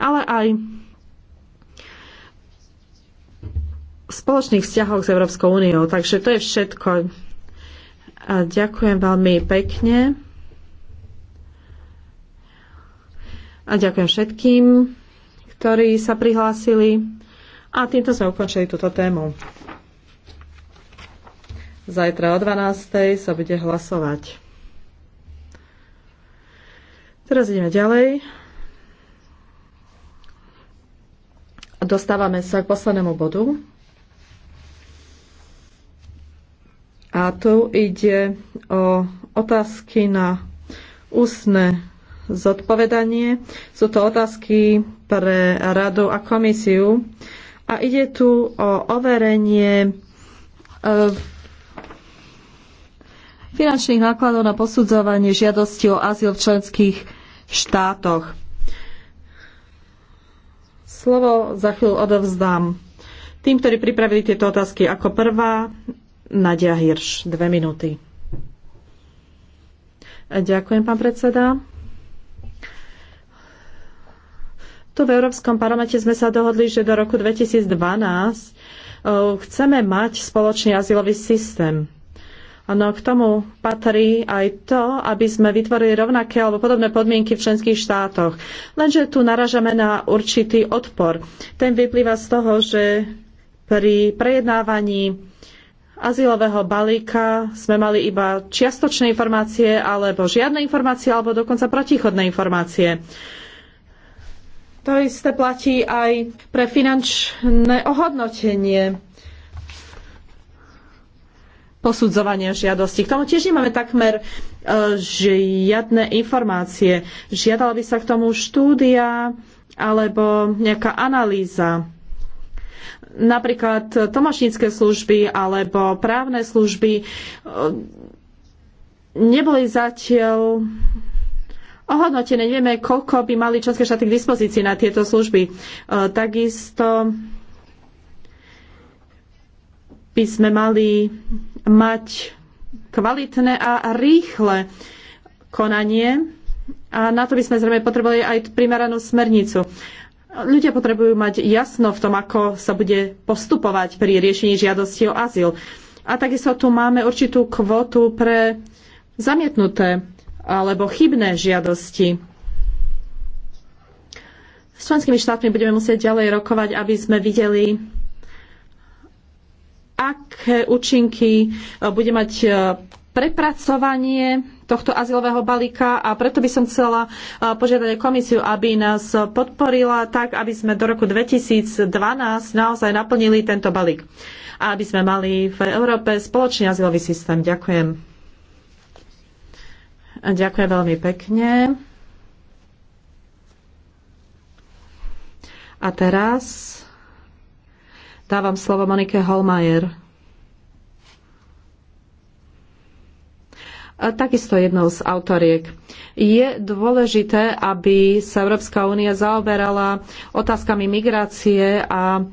ale aj v spoločných vzťahoch s Európskou úniou. Takže to je všetko. A ďakujem veľmi pekne. A ďakujem všetkým, ktorí sa prihlásili. A týmto sme ukončili túto tému. Zajtra o 12.00 sa bude hlasovať. Teraz ideme ďalej. Dostávame sa k poslednému bodu. A tu ide o otázky na ústne zodpovedanie. Sú to otázky pre radu a komisiu. A ide tu o overenie e, finančných nákladov na posudzovanie žiadosti o azyl v členských štátoch. Slovo za chvíľu odovzdám tým, ktorí pripravili tieto otázky ako prvá. Nadia Hirš, dve minúty. Ďakujem, pán predseda. Tu v Európskom parlamente sme sa dohodli, že do roku 2012 eh, chceme mať spoločný azylový systém. No k tomu patrí aj to, aby sme vytvorili rovnaké alebo podobné podmienky v členských štátoch. Lenže tu naražame na určitý odpor. Ten vyplýva z toho, že pri prejednávaní azylového balíka sme mali iba čiastočné informácie alebo žiadne informácie alebo dokonca protichodné informácie. To isté platí aj pre finančné ohodnotenie posudzovania žiadosti. K tomu tiež nemáme takmer e, žiadne informácie. Žiadala by sa k tomu štúdia alebo nejaká analýza. Napríklad tomašnícke služby alebo právne služby e, neboli zatiaľ ohodnotené. Nevieme, koľko by mali členské štáty k dispozícii na tieto služby. E, takisto by sme mali mať kvalitné a rýchle konanie a na to by sme zrejme potrebovali aj primeranú smernicu. Ľudia potrebujú mať jasno v tom, ako sa bude postupovať pri riešení žiadosti o azyl. A takisto tu máme určitú kvotu pre zamietnuté alebo chybné žiadosti. S členskými štátmi budeme musieť ďalej rokovať, aby sme videli, aké účinky e, bude mať e, prepracovanie tohto azylového balíka a preto by som chcela e, požiadať komisiu, aby nás podporila tak, aby sme do roku 2012 naozaj naplnili tento balík a aby sme mali v Európe spoločný azylový systém. Ďakujem. Ďakujem veľmi pekne. A teraz Dávam slovo Monike Holmajer. Takisto jednou z autoriek. Je dôležité, aby sa Európska únia zaoberala otázkami migrácie a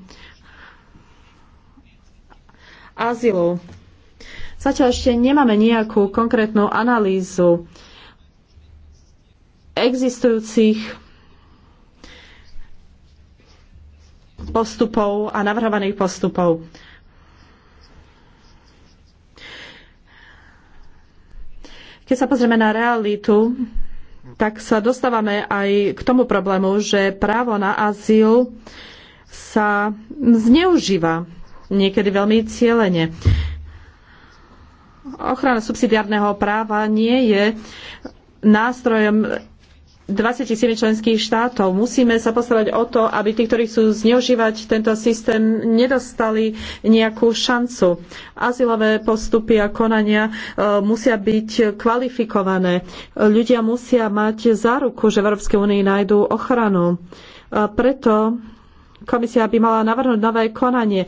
azylu. Zatiaľ ešte nemáme nejakú konkrétnu analýzu existujúcich postupov a navrhovaných postupov. Keď sa pozrieme na realitu, tak sa dostávame aj k tomu problému, že právo na azyl sa zneužíva niekedy veľmi cieľene. Ochrana subsidiárneho práva nie je nástrojom 27 členských štátov. Musíme sa postarať o to, aby tí, ktorí chcú zneužívať tento systém, nedostali nejakú šancu. Azylové postupy a konania e, musia byť kvalifikované. Ľudia musia mať záruku, že v Európskej únii nájdú ochranu. E, preto komisia by mala navrhnúť nové konanie e,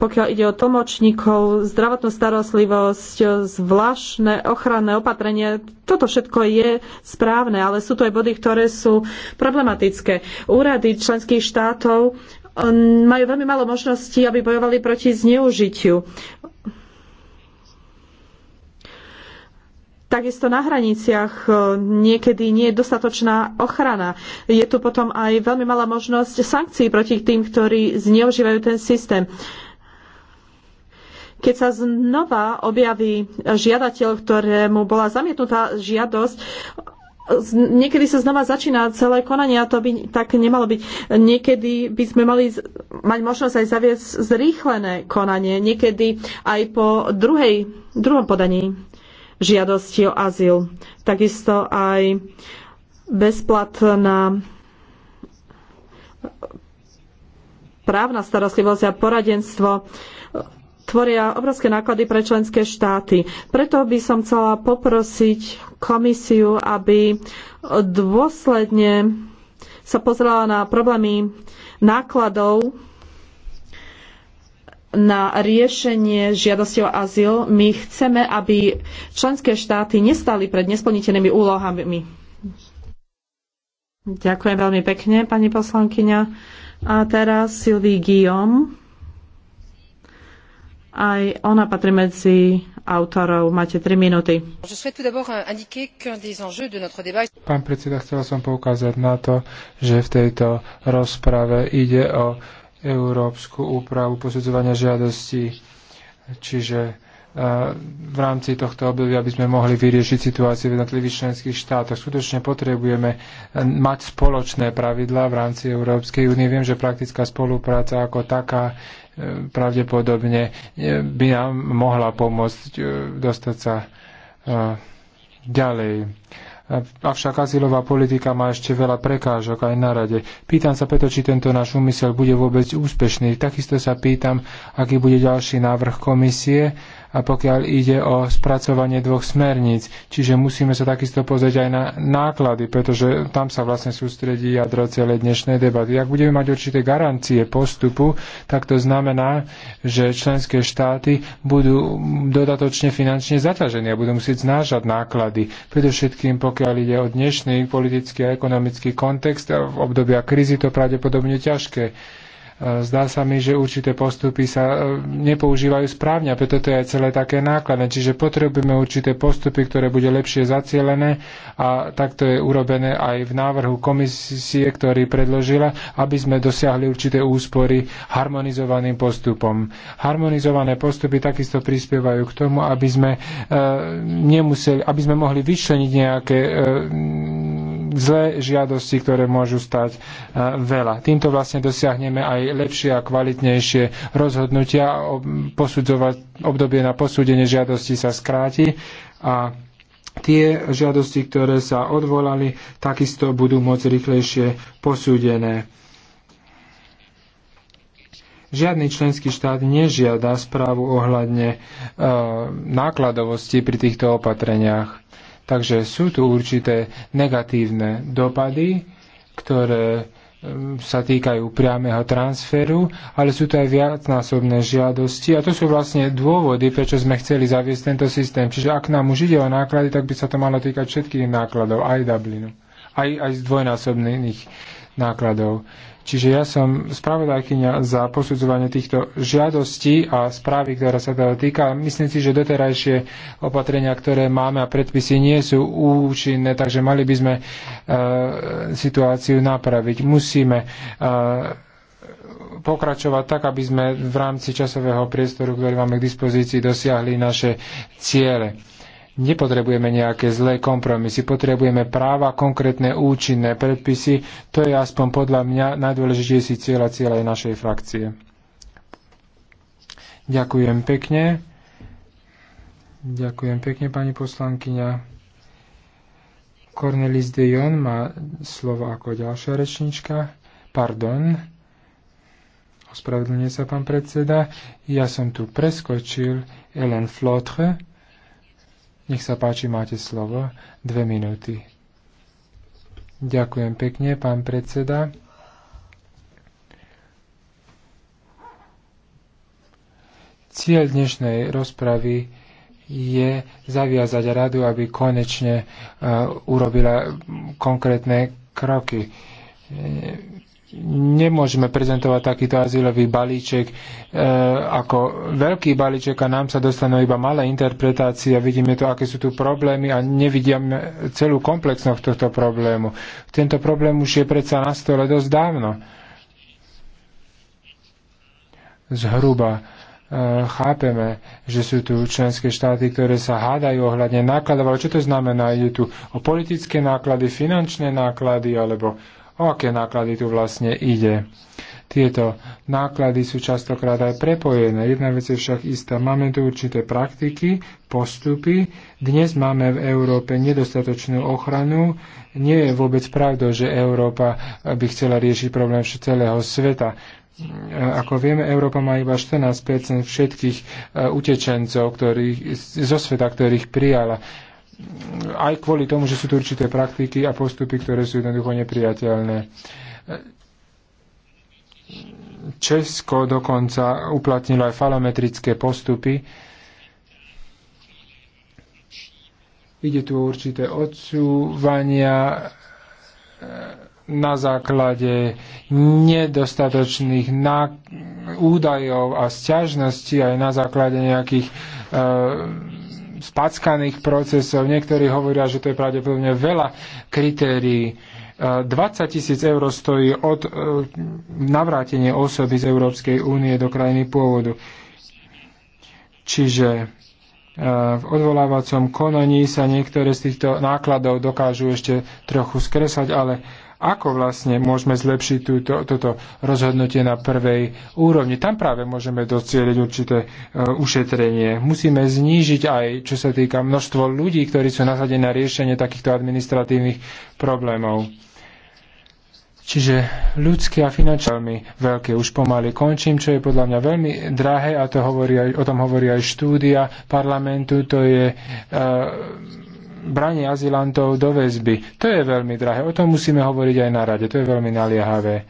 pokiaľ ide o tlmočníkov, zdravotnú starostlivosť, zvláštne ochranné opatrenie, toto všetko je správne, ale sú to aj body, ktoré sú problematické. Úrady členských štátov um, majú veľmi málo možností, aby bojovali proti zneužitiu. Takisto na hraniciach e, niekedy nie je dostatočná ochrana. Je tu potom aj veľmi malá možnosť sankcií proti tým, ktorí zneužívajú ten systém. Keď sa znova objaví žiadateľ, ktorému bola zamietnutá žiadosť, niekedy sa znova začína celé konanie a to by tak nemalo byť. Niekedy by sme mali mať možnosť aj zaviesť zrýchlené konanie, niekedy aj po druhej, druhom podaní žiadosti o azyl. Takisto aj bezplatná právna starostlivosť a poradenstvo tvoria obrovské náklady pre členské štáty. Preto by som chcela poprosiť komisiu, aby dôsledne sa pozrela na problémy nákladov na riešenie žiadosti o azyl. My chceme, aby členské štáty nestali pred nesplniteľnými úlohami. Ďakujem veľmi pekne, pani poslankyňa. A teraz Sylvie Guillaume. Aj ona patrí medzi autorov. Máte 3 minúty. Pán predseda, chcel som poukázať na to, že v tejto rozprave ide o európsku úpravu posudzovania žiadostí, čiže e, v rámci tohto obdobia by sme mohli vyriešiť situáciu v jednotlivých členských štátoch. Skutočne potrebujeme e, mať spoločné pravidlá v rámci Európskej únie. Viem, že praktická spolupráca ako taká e, pravdepodobne by nám mohla pomôcť dostať sa ďalej. Avšak azylová politika má ešte veľa prekážok aj na rade. Pýtam sa preto, či tento náš úmysel bude vôbec úspešný. Takisto sa pýtam, aký bude ďalší návrh komisie a pokiaľ ide o spracovanie dvoch smerníc. Čiže musíme sa takisto pozrieť aj na náklady, pretože tam sa vlastne sústredí jadro celej dnešnej debaty. Ak budeme mať určité garancie postupu, tak to znamená, že členské štáty budú dodatočne finančne zaťažené a budú musieť znášať náklady. Predovšetkým, pokiaľ ide o dnešný politický a ekonomický kontext a v obdobia krízy to pravdepodobne ťažké. Zdá sa mi, že určité postupy sa e, nepoužívajú správne a preto to je aj celé také nákladné. Čiže potrebujeme určité postupy, ktoré bude lepšie zacielené a takto je urobené aj v návrhu komisie, ktorý predložila, aby sme dosiahli určité úspory harmonizovaným postupom. Harmonizované postupy takisto prispievajú k tomu, aby sme, e, nemuseli, aby sme mohli vyčleniť nejaké e, zlé žiadosti, ktoré môžu stať e, veľa. Týmto vlastne dosiahneme aj lepšie a kvalitnejšie rozhodnutia. Posudzovať, obdobie na posúdenie žiadosti sa skráti a tie žiadosti, ktoré sa odvolali, takisto budú môcť rýchlejšie posúdené. Žiadny členský štát nežiada správu ohľadne e, nákladovosti pri týchto opatreniach. Takže sú tu určité negatívne dopady, ktoré mm, sa týkajú priameho transferu, ale sú to aj viacnásobné žiadosti a to sú vlastne dôvody, prečo sme chceli zaviesť tento systém. Čiže ak nám už ide o náklady, tak by sa to malo týkať všetkých nákladov, aj Dublinu, aj, aj dvojnásobných nákladov. Čiže ja som spravodajkynia za posudzovanie týchto žiadostí a správy, ktorá sa toho teda týka. Myslím si, že doterajšie opatrenia, ktoré máme a predpisy nie sú účinné, takže mali by sme uh, situáciu napraviť. Musíme uh, pokračovať tak, aby sme v rámci časového priestoru, ktorý máme k dispozícii, dosiahli naše ciele nepotrebujeme nejaké zlé kompromisy, potrebujeme práva, konkrétne účinné predpisy. To je aspoň podľa mňa najdôležitejší cieľ a cieľ aj našej frakcie. Ďakujem pekne. Ďakujem pekne, pani poslankyňa. Cornelis de Jon má slovo ako ďalšia rečnička. Pardon. Ospravedlňuje sa pán predseda. Ja som tu preskočil Ellen Flotre. Nech sa páči, máte slovo. Dve minúty. Ďakujem pekne, pán predseda. Cieľ dnešnej rozpravy je zaviazať radu, aby konečne uh, urobila konkrétne kroky nemôžeme prezentovať takýto azylový balíček e, ako veľký balíček a nám sa dostanú iba malé interpretácie a vidíme to, aké sú tu problémy a nevidíme celú komplexnosť tohto problému. Tento problém už je predsa na stole dosť dávno. Zhruba e, chápeme, že sú tu členské štáty, ktoré sa hádajú ohľadne nákladov, ale čo to znamená? Je tu o politické náklady, finančné náklady alebo o aké náklady tu vlastne ide. Tieto náklady sú častokrát aj prepojené. Jedna vec je však istá. Máme tu určité praktiky, postupy. Dnes máme v Európe nedostatočnú ochranu. Nie je vôbec pravdou, že Európa by chcela riešiť problém celého sveta. Ako vieme, Európa má iba 14 všetkých e, utečencov ktorých, zo sveta, ktorých prijala aj kvôli tomu, že sú tu určité praktiky a postupy, ktoré sú jednoducho nepriateľné. Česko dokonca uplatnilo aj falometrické postupy. Ide tu o určité odsúvania eh, na základe nedostatočných údajov a sťažností aj na základe nejakých uh, spackaných procesov. Niektorí hovoria, že to je pravdepodobne veľa kritérií. 20 e, tisíc eur stojí od e, navrátenie osoby z Európskej únie do krajiny pôvodu. Čiže e, v odvolávacom konaní sa niektoré z týchto nákladov dokážu ešte trochu skresať, ale ako vlastne môžeme zlepšiť túto, toto rozhodnutie na prvej úrovni? Tam práve môžeme docieliť určité e, ušetrenie. Musíme znížiť aj, čo sa týka množstvo ľudí, ktorí sú nasadení na riešenie takýchto administratívnych problémov. Čiže ľudské a finančné veľmi veľké. Už pomaly končím, čo je podľa mňa veľmi drahé a to hovorí aj, o tom hovorí aj štúdia parlamentu. To je e, branie azilantov do väzby. To je veľmi drahé. O tom musíme hovoriť aj na rade. To je veľmi naliehavé.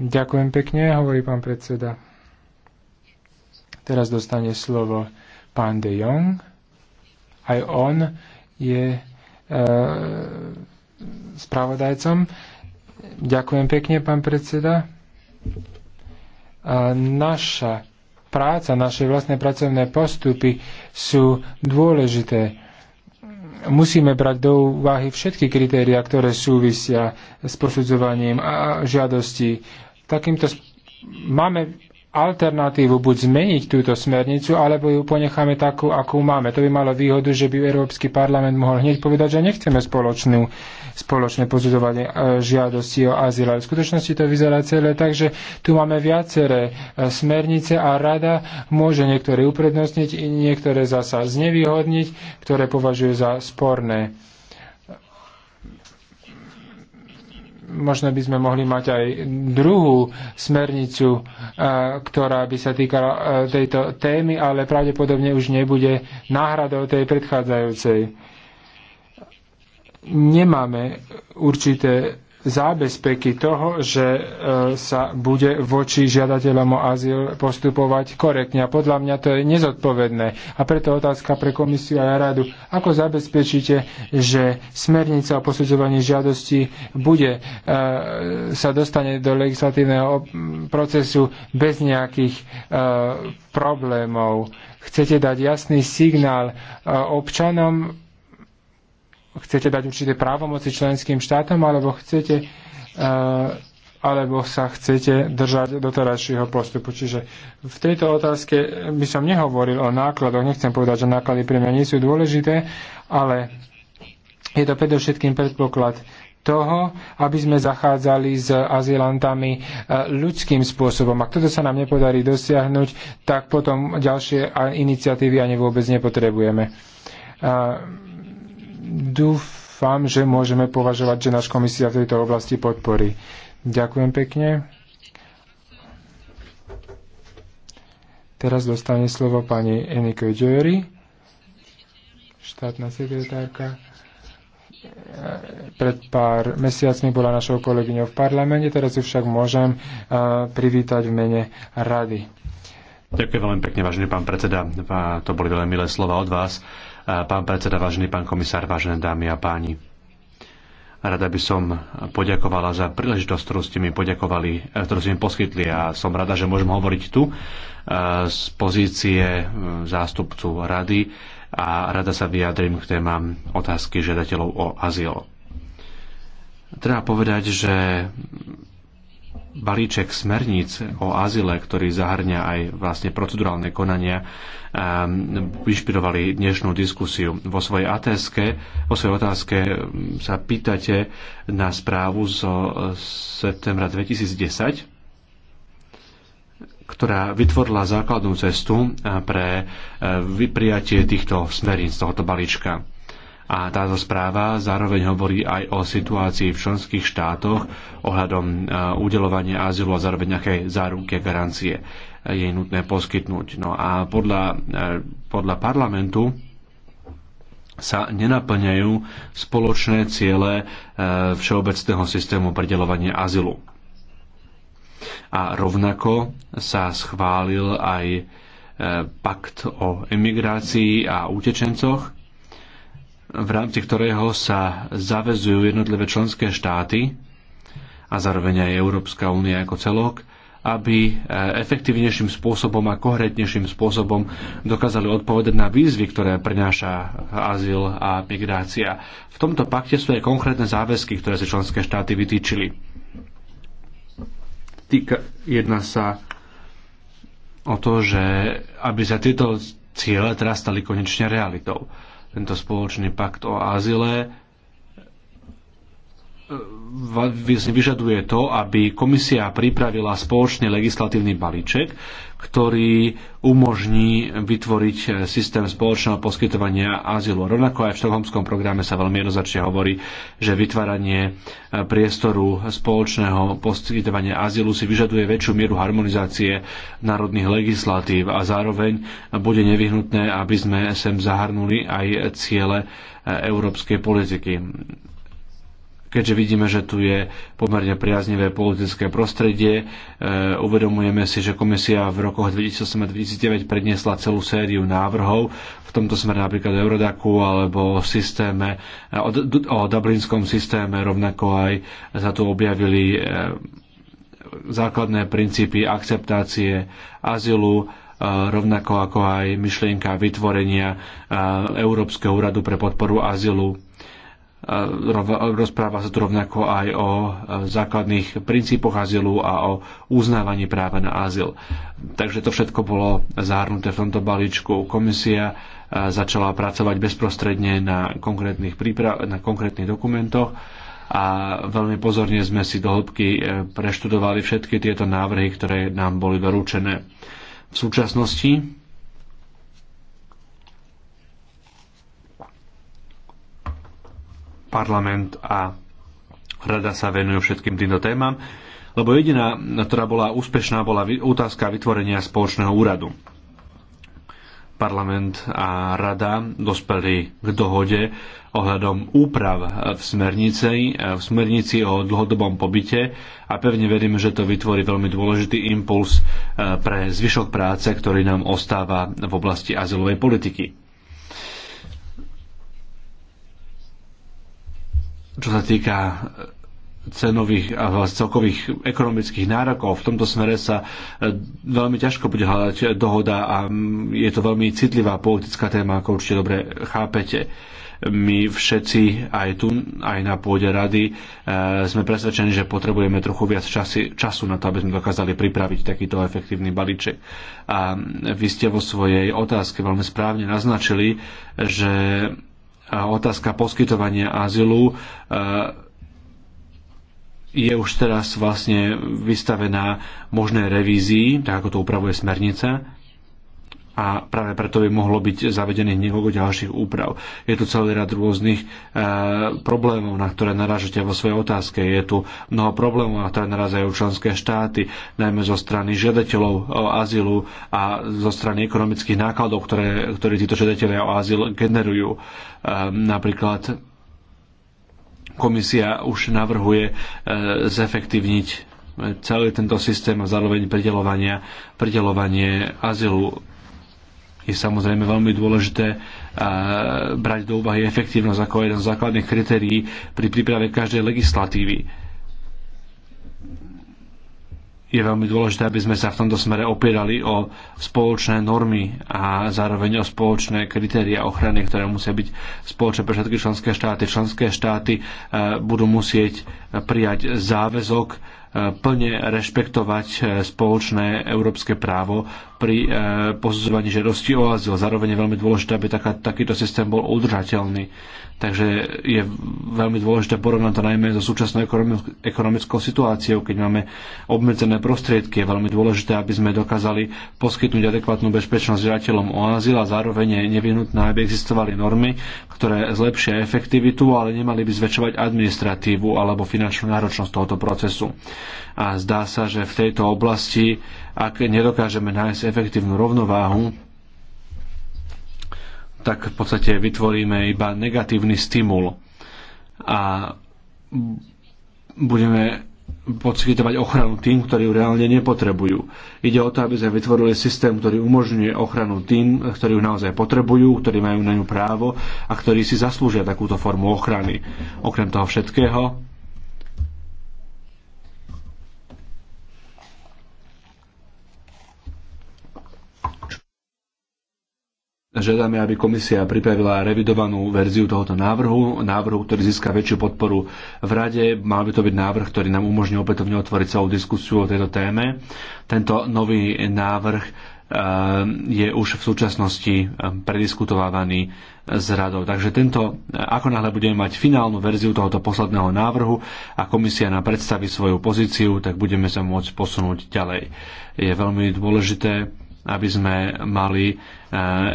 Ďakujem pekne, hovorí pán predseda. Teraz dostane slovo pán De Jong. Aj on je e, spravodajcom. Ďakujem pekne, pán predseda. A naša práca, naše vlastné pracovné postupy sú dôležité musíme brať do úvahy všetky kritéria, ktoré súvisia s posudzovaním a žiadosti. Takýmto máme alternatívu buď zmeniť túto smernicu, alebo ju ponecháme takú, akú máme. To by malo výhodu, že by Európsky parlament mohol hneď povedať, že nechceme spoločnú, spoločné pozudovanie e, žiadosti o azyl. Ale v skutočnosti to vyzerá celé tak, že tu máme viaceré e, smernice a rada môže niektoré uprednostniť, niektoré zasa znevýhodniť, ktoré považuje za sporné. možno by sme mohli mať aj druhú smernicu, e, ktorá by sa týkala e, tejto témy, ale pravdepodobne už nebude náhradou tej predchádzajúcej. Nemáme určité zábezpeky toho, že e, sa bude voči žiadateľom o azyl postupovať korektne. A podľa mňa to je nezodpovedné. A preto otázka pre komisiu a radu. Ako zabezpečíte, že smernica o posudzovaní žiadosti bude, e, sa dostane do legislatívneho procesu bez nejakých e, problémov? Chcete dať jasný signál občanom chcete dať určité právomoci členským štátom, alebo chcete eh, alebo sa chcete držať doterajšieho postupu. Čiže v tejto otázke by som nehovoril o nákladoch, nechcem povedať, že náklady pre mňa nie sú dôležité, ale je to predovšetkým predpoklad toho, aby sme zachádzali s azylantami eh, ľudským spôsobom. Ak toto sa nám nepodarí dosiahnuť, tak potom ďalšie iniciatívy ani vôbec nepotrebujeme eh, dúfam, že môžeme považovať, že náš komisia v tejto oblasti podporí. Ďakujem pekne. Teraz dostane slovo pani Enike Djöri, štátna sekretárka. Pred pár mesiacmi bola našou kolegyňou v parlamente, teraz ju však môžem privítať v mene rady. Ďakujem veľmi pekne, vážený pán predseda. To boli veľmi milé slova od vás. Pán predseda, vážený pán komisár, vážené dámy a páni. Rada by som poďakovala za príležitosť, ktorú ste mi poďakovali, e, ktorú ste mi poskytli a som rada, že môžem hovoriť tu e, z pozície zástupcu rady a rada sa vyjadrím k témam otázky žiadateľov o azyl. Treba povedať, že balíček smerníc o Azile, ktorý zahrňa aj vlastne procedurálne konania, ehm, vyšpirovali dnešnú diskusiu. Vo svojej, atéske, vo svojej otázke hm, sa pýtate na správu zo septembra 2010, ktorá vytvorila základnú cestu eh, pre eh, vyprijatie týchto smerín z tohoto balíčka. A táto správa zároveň hovorí aj o situácii v členských štátoch ohľadom e, udelovania azylu a zároveň nejaké záruky garancie je nutné poskytnúť. No a podľa, e, podľa parlamentu sa nenaplňajú spoločné ciele e, všeobecného systému predelovania azylu. A rovnako sa schválil aj pakt o emigrácii a utečencoch, v rámci ktorého sa zavezujú jednotlivé členské štáty a zároveň aj Európska únia ako celok, aby e, efektívnejším spôsobom a kohretnejším spôsobom dokázali odpovedať na výzvy, ktoré prináša azyl a migrácia. V tomto pakte sú aj konkrétne záväzky, ktoré si členské štáty vytýčili. Týka, jedna sa o to, že aby sa tieto ciele teraz stali konečne realitou tento spoločný pakt o azyle e, vyžaduje to, aby komisia pripravila spoločný legislatívny balíček, ktorý umožní vytvoriť e, systém spoločného poskytovania azylu. Rovnako aj v štokholmskom programe sa veľmi jednoznačne hovorí, že vytváranie e, priestoru spoločného poskytovania azylu si vyžaduje väčšiu mieru harmonizácie národných legislatív a zároveň bude nevyhnutné, aby sme sem zahrnuli aj ciele e, európskej politiky keďže vidíme, že tu je pomerne priaznivé politické prostredie. E, uvedomujeme si, že komisia v rokoch 2008 a 2009 predniesla celú sériu návrhov, v tomto smere napríklad Eurodaku alebo systéme, e, o, o dublinskom systéme rovnako aj sa tu objavili e, základné princípy akceptácie azylu, rovnako ako aj myšlienka vytvorenia Európskeho úradu pre podporu azylu Rozpráva sa tu rovnako aj o e, základných princípoch azylu a o uznávaní práva na azyl. Takže to všetko bolo zahrnuté v tomto balíčku. Komisia e, začala pracovať bezprostredne na konkrétnych, príprav- na konkrétnych dokumentoch a veľmi pozorne sme si do hĺbky e, preštudovali všetky tieto návrhy, ktoré nám boli doručené. V súčasnosti parlament a rada sa venujú všetkým týmto témam, lebo jediná, ktorá bola úspešná, bola otázka vytvorenia spoločného úradu. Parlament a rada dospeli k dohode ohľadom úprav v smernici, v smernici o dlhodobom pobyte a pevne verím, že to vytvorí veľmi dôležitý impuls eh, pre zvyšok práce, ktorý nám ostáva v oblasti azylovej politiky. čo sa týka e, cenových a celkových ekonomických nárokov. V tomto smere sa e, veľmi ťažko bude hľadať dohoda a je to veľmi citlivá politická téma, ako určite dobre chápete my všetci aj tu, aj na pôde rady e, sme presvedčení, že potrebujeme trochu viac časy, času na to, aby sme dokázali pripraviť takýto efektívny balíček. A vy ste vo svojej otázke veľmi správne naznačili, že a otázka poskytovania azylu e, je už teraz vlastne vystavená možnej revízii, tak ako to upravuje smernica a práve preto by mohlo byť zavedených niekoľko ďalších úprav. Je tu celý rad rôznych e, problémov, na ktoré narážate vo svojej otázke. Je tu mnoho problémov, na ktoré narážajú členské štáty, najmä zo strany žiadateľov o azylu a zo strany ekonomických nákladov, ktoré, ktoré títo žiadatelia o azyl generujú. E, napríklad komisia už navrhuje e, zefektívniť celý tento systém a zároveň pridelovanie azylu je samozrejme veľmi dôležité eh, brať do úvahy efektívnosť ako jeden z základných kritérií pri príprave každej legislatívy. Je veľmi dôležité, aby sme sa v tomto smere opierali o spoločné normy a zároveň o spoločné kritéria ochrany, ktoré musia byť spoločné pre všetky členské štáty. Členské štáty eh, budú musieť prijať záväzok eh, plne rešpektovať spoločné európske právo, pri eh, posudzovaní žiadosti o azyl. Zároveň je veľmi dôležité, aby taká, takýto systém bol udržateľný. Takže je veľmi dôležité porovnať to najmä so súčasnou ekonomickou situáciou, keď máme obmedzené prostriedky. Je veľmi dôležité, aby sme dokázali poskytnúť adekvátnu bezpečnosť žiadateľom o azyl a zároveň je nevyhnutné, aby existovali normy, ktoré zlepšia efektivitu, ale nemali by zväčšovať administratívu alebo finančnú náročnosť tohoto procesu. A zdá sa, že v tejto oblasti ak nedokážeme nájsť efektívnu rovnováhu, tak v podstate vytvoríme iba negatívny stimul a budeme poskytovať ochranu tým, ktorí ju reálne nepotrebujú. Ide o to, aby sme vytvorili systém, ktorý umožňuje ochranu tým, ktorí ju naozaj potrebujú, ktorí majú na ňu právo a ktorí si zaslúžia takúto formu ochrany. Okrem toho všetkého, Žiadame, aby komisia pripravila revidovanú verziu tohoto návrhu, návrhu, ktorý získa väčšiu podporu v Rade. Mal by to byť návrh, ktorý nám umožní opätovne otvoriť celú diskusiu o tejto téme. Tento nový návrh eh, je už v súčasnosti eh, prediskutovávaný eh, s radou. Takže tento, ako náhle budeme mať finálnu verziu tohoto posledného návrhu a komisia nám predstaví svoju pozíciu, tak budeme sa môcť posunúť ďalej. Je veľmi dôležité, aby sme mali e,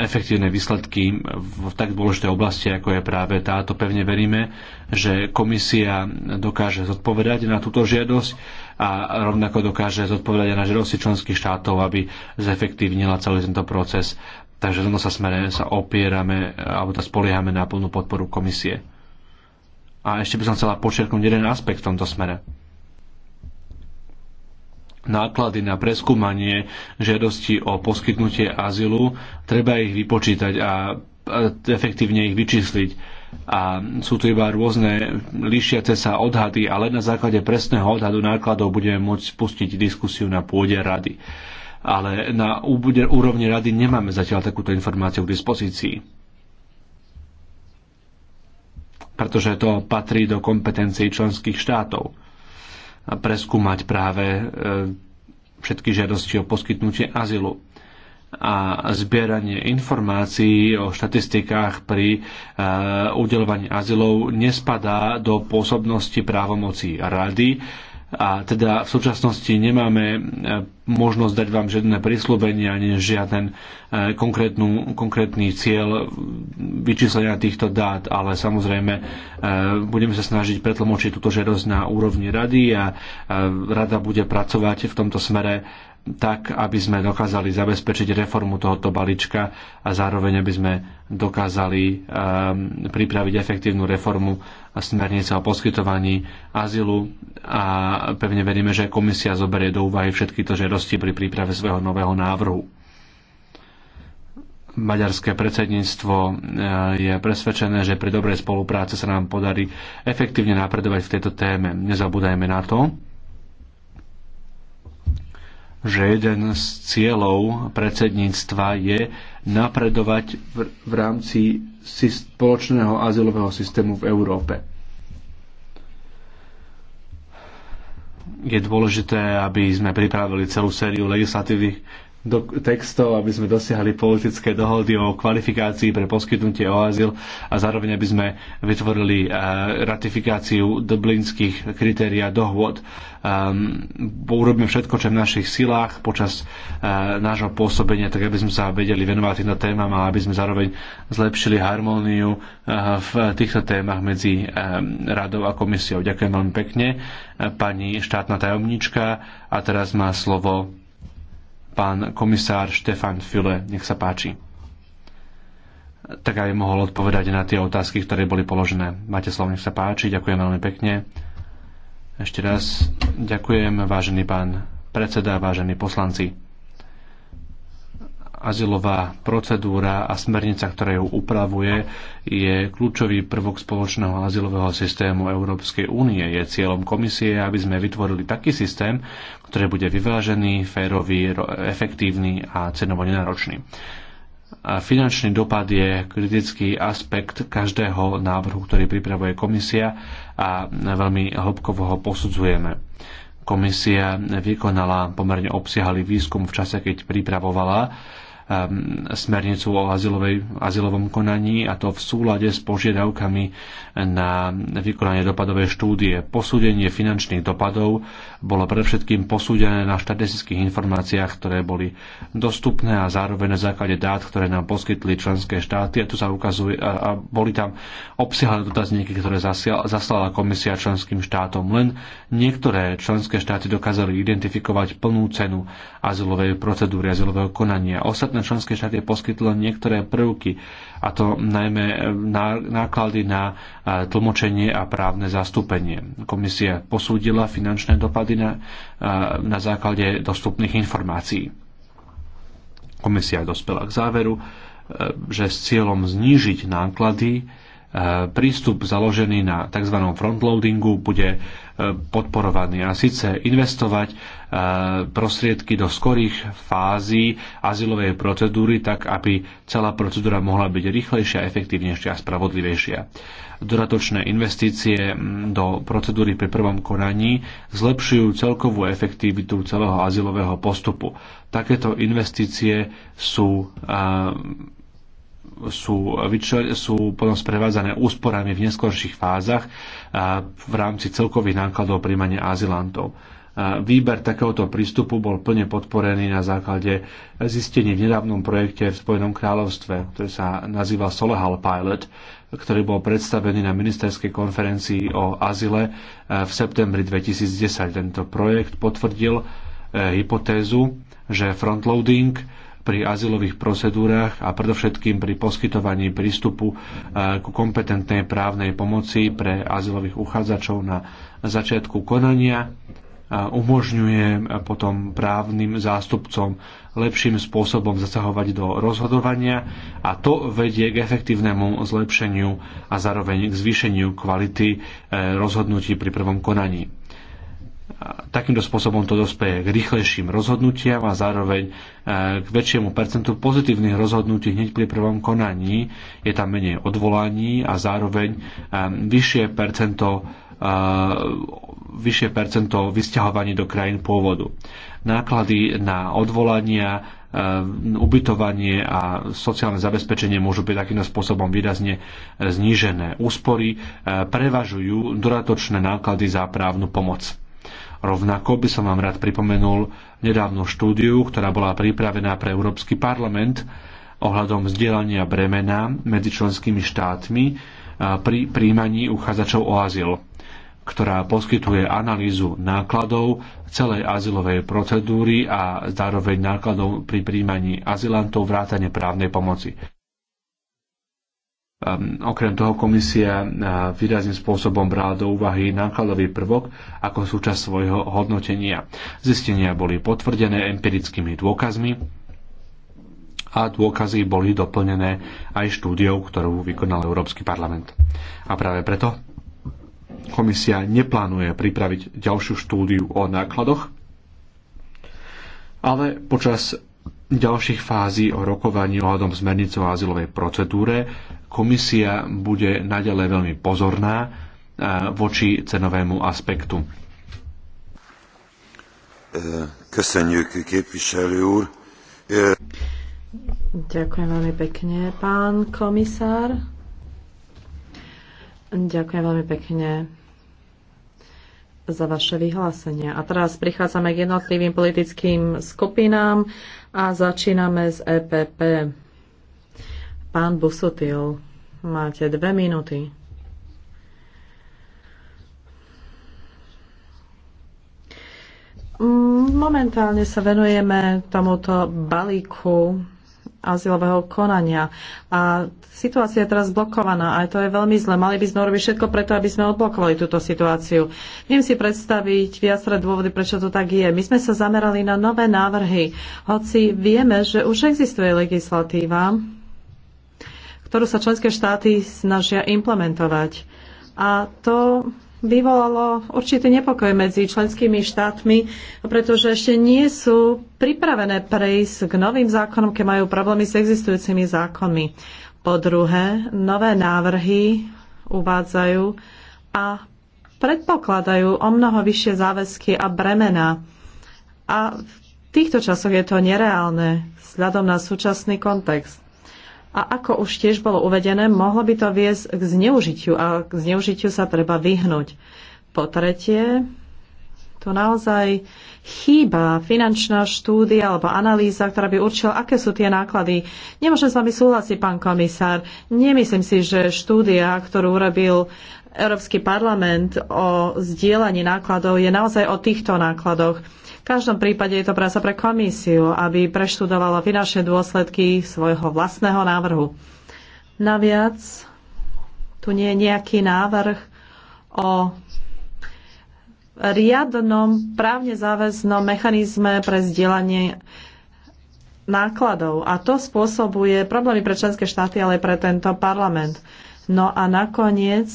efektívne výsledky v tak dôležitej oblasti, ako je práve táto. Pevne veríme, že komisia dokáže zodpovedať na túto žiadosť a rovnako dokáže zodpovedať aj na žiadosti členských štátov, aby zefektívnila celý tento proces. Takže v tomto sa smere sa opierame alebo tá teda spoliehame na plnú podporu komisie. A ešte by som chcela počerknúť jeden aspekt v tomto smere náklady na preskúmanie žiadosti o poskytnutie azylu, treba ich vypočítať a efektívne ich vyčísliť. A sú tu iba rôzne lišiace sa odhady, ale na základe presného odhadu nákladov budeme môcť spustiť diskusiu na pôde rady. Ale na úrovni rady nemáme zatiaľ takúto informáciu k dispozícii pretože to patrí do kompetencií členských štátov preskúmať práve e, všetky žiadosti o poskytnutie azylu a zbieranie informácií o štatistikách pri e, udelovaní azylov nespadá do pôsobnosti právomocí rady a teda v súčasnosti nemáme e, možnosť dať vám žiadne prislúbenia, ani žiaden e, konkrétnu, konkrétny cieľ vyčíslenia týchto dát, ale samozrejme e, budeme sa snažiť pretlmočiť túto žiadosť na úrovni rady a rada bude pracovať v tomto smere tak, aby sme dokázali zabezpečiť reformu tohoto balíčka a zároveň, aby sme dokázali ehm, pripraviť efektívnu reformu smernice o poskytovaní azylu a pevne veríme, že komisia zoberie do úvahy všetky to žiadosti pri príprave svojho nového návrhu. Maďarské predsedníctvo eh, je presvedčené, že pri dobrej spolupráce sa nám podarí efektívne napredovať v tejto téme. Nezabúdajme na to, že jeden z cieľov predsedníctva je napredovať v, v rámci spoločného azylového systému v Európe. Je dôležité, aby sme pripravili celú sériu legislatívnych do textov, aby sme dosiahli politické dohody o kvalifikácii pre poskytnutie o azyl a zároveň aby sme vytvorili eh, ratifikáciu dublinských kritérií a dohôd. Ehm, urobíme všetko, čo je v našich silách počas eh, nášho pôsobenia, tak aby sme sa vedeli venovať týmto témam a aby sme zároveň zlepšili harmóniu eh, v týchto témach medzi ehm, radou a komisiou. Ďakujem veľmi pekne, pani štátna tajomnička. A teraz má slovo pán komisár Štefan File. Nech sa páči. Tak aj mohol odpovedať na tie otázky, ktoré boli položené. Máte slovo, nech sa páči. Ďakujem veľmi pekne. Ešte raz ďakujem, vážený pán predseda, vážení poslanci azylová procedúra a smernica, ktorá ju upravuje, je kľúčový prvok spoločného azylového systému Európskej únie. Je cieľom komisie, aby sme vytvorili taký systém, ktorý bude vyvážený, férový, efektívny a cenovo nenáročný. A finančný dopad je kritický aspekt každého návrhu, ktorý pripravuje komisia a veľmi hlbkovo ho posudzujeme. Komisia vykonala pomerne obsiahly výskum v čase, keď pripravovala Um, smernicu o azylovej, azylovom konaní a to v súlade s požiadavkami na vykonanie dopadovej štúdie. Posúdenie finančných dopadov bolo predovšetkým posúdené na štatistických informáciách, ktoré boli dostupné a zároveň na základe dát, ktoré nám poskytli členské štáty a tu sa ukazuje, a, a boli tam obsiahle dotazníky, ktoré zasial, zaslala komisia členským štátom. Len niektoré členské štáty dokázali identifikovať plnú cenu azylovej procedúry, azylového konania. Ostatné ostatné členské štáty poskytlo niektoré prvky, a to najmä e, náklady na e, tlmočenie a právne zastúpenie. Komisia posúdila finančné dopady na, e, na základe dostupných informácií. Komisia dospela k záveru, že s cieľom znížiť náklady E, prístup založený na tzv. frontloadingu bude e, podporovaný a síce investovať e, prostriedky do skorých fází azylovej procedúry tak, aby celá procedúra mohla byť rýchlejšia, efektívnejšia a spravodlivejšia. Dodatočné investície do procedúry pri prvom konaní zlepšujú celkovú efektivitu celého azylového postupu. Takéto investície sú sú, sú potom sprevádzané úsporami v neskorších fázach v rámci celkových nákladov príjmania azylantov. Výber takéhoto prístupu bol plne podporený na základe zistení v nedávnom projekte v Spojenom kráľovstve, ktorý sa nazýva Solehal Pilot, ktorý bol predstavený na ministerskej konferencii o azile e, v septembri 2010. Tento projekt potvrdil e, hypotézu, že frontloading pri azylových procedúrach a predovšetkým pri poskytovaní prístupu e, ku kompetentnej právnej pomoci pre azylových uchádzačov na začiatku konania e, umožňuje potom právnym zástupcom lepším spôsobom zasahovať do rozhodovania a to vedie k efektívnemu zlepšeniu a zároveň k zvýšeniu kvality e, rozhodnutí pri prvom konaní takýmto spôsobom to dospeje k rýchlejším rozhodnutiam a zároveň e, k väčšiemu percentu pozitívnych rozhodnutí hneď pri prvom konaní. Je tam menej odvolaní a zároveň e, vyššie percento e, vyššie percento vysťahovaní do krajín pôvodu. Náklady na odvolania ubytovanie a sociálne zabezpečenie môžu byť takýmto spôsobom výrazne znížené. Úspory prevažujú dodatočné náklady za právnu pomoc. Rovnako by som vám rád pripomenul nedávnu štúdiu, ktorá bola pripravená pre Európsky parlament ohľadom vzdielania bremena medzi členskými štátmi pri príjmaní uchádzačov o azyl ktorá poskytuje analýzu nákladov celej azylovej procedúry a zároveň nákladov pri príjmaní azylantov vrátane právnej pomoci. Um, okrem toho komisia uh, výrazným spôsobom brala do úvahy nákladový prvok ako súčasť svojho hodnotenia. Zistenia boli potvrdené empirickými dôkazmi a dôkazy boli doplnené aj štúdiou, ktorú vykonal Európsky parlament. A práve preto komisia neplánuje pripraviť ďalšiu štúdiu o nákladoch, ale počas ďalších fází o rokovaní ohľadom smernicov o azylovej procedúre Komisia bude naďalej veľmi pozorná voči cenovému aspektu. Ďakujem veľmi pekne, pán komisár. Ďakujem veľmi pekne za vaše vyhlásenia. A teraz prichádzame k jednotlivým politickým skupinám a začíname s EPP. Pán Busutil. Máte dve minúty. Momentálne sa venujeme tomuto balíku azylového konania a situácia je teraz blokovaná a to je veľmi zle. Mali by sme urobiť všetko preto, aby sme odblokovali túto situáciu. Viem si predstaviť viaceré dôvody, prečo to tak je. My sme sa zamerali na nové návrhy, hoci vieme, že už existuje legislatíva, ktorú sa členské štáty snažia implementovať. A to vyvolalo určitý nepokoj medzi členskými štátmi, pretože ešte nie sú pripravené prejsť k novým zákonom, keď majú problémy s existujúcimi zákonmi. Po druhé, nové návrhy uvádzajú a predpokladajú o mnoho vyššie záväzky a bremena. A v týchto časoch je to nereálne vzhľadom na súčasný kontext. A ako už tiež bolo uvedené, mohlo by to viesť k zneužitiu a k zneužitiu sa treba vyhnúť. Po tretie, tu naozaj chýba finančná štúdia alebo analýza, ktorá by určila, aké sú tie náklady. Nemôžem s vami súhlasiť, pán komisár. Nemyslím si, že štúdia, ktorú urobil Európsky parlament o zdieľaní nákladov je naozaj o týchto nákladoch. V každom prípade je to práca pre komisiu, aby preštudovala finančné dôsledky svojho vlastného návrhu. Naviac tu nie je nejaký návrh o riadnom právne záväznom mechanizme pre zdieľanie nákladov. A to spôsobuje problémy pre členské štáty, ale aj pre tento parlament. No a nakoniec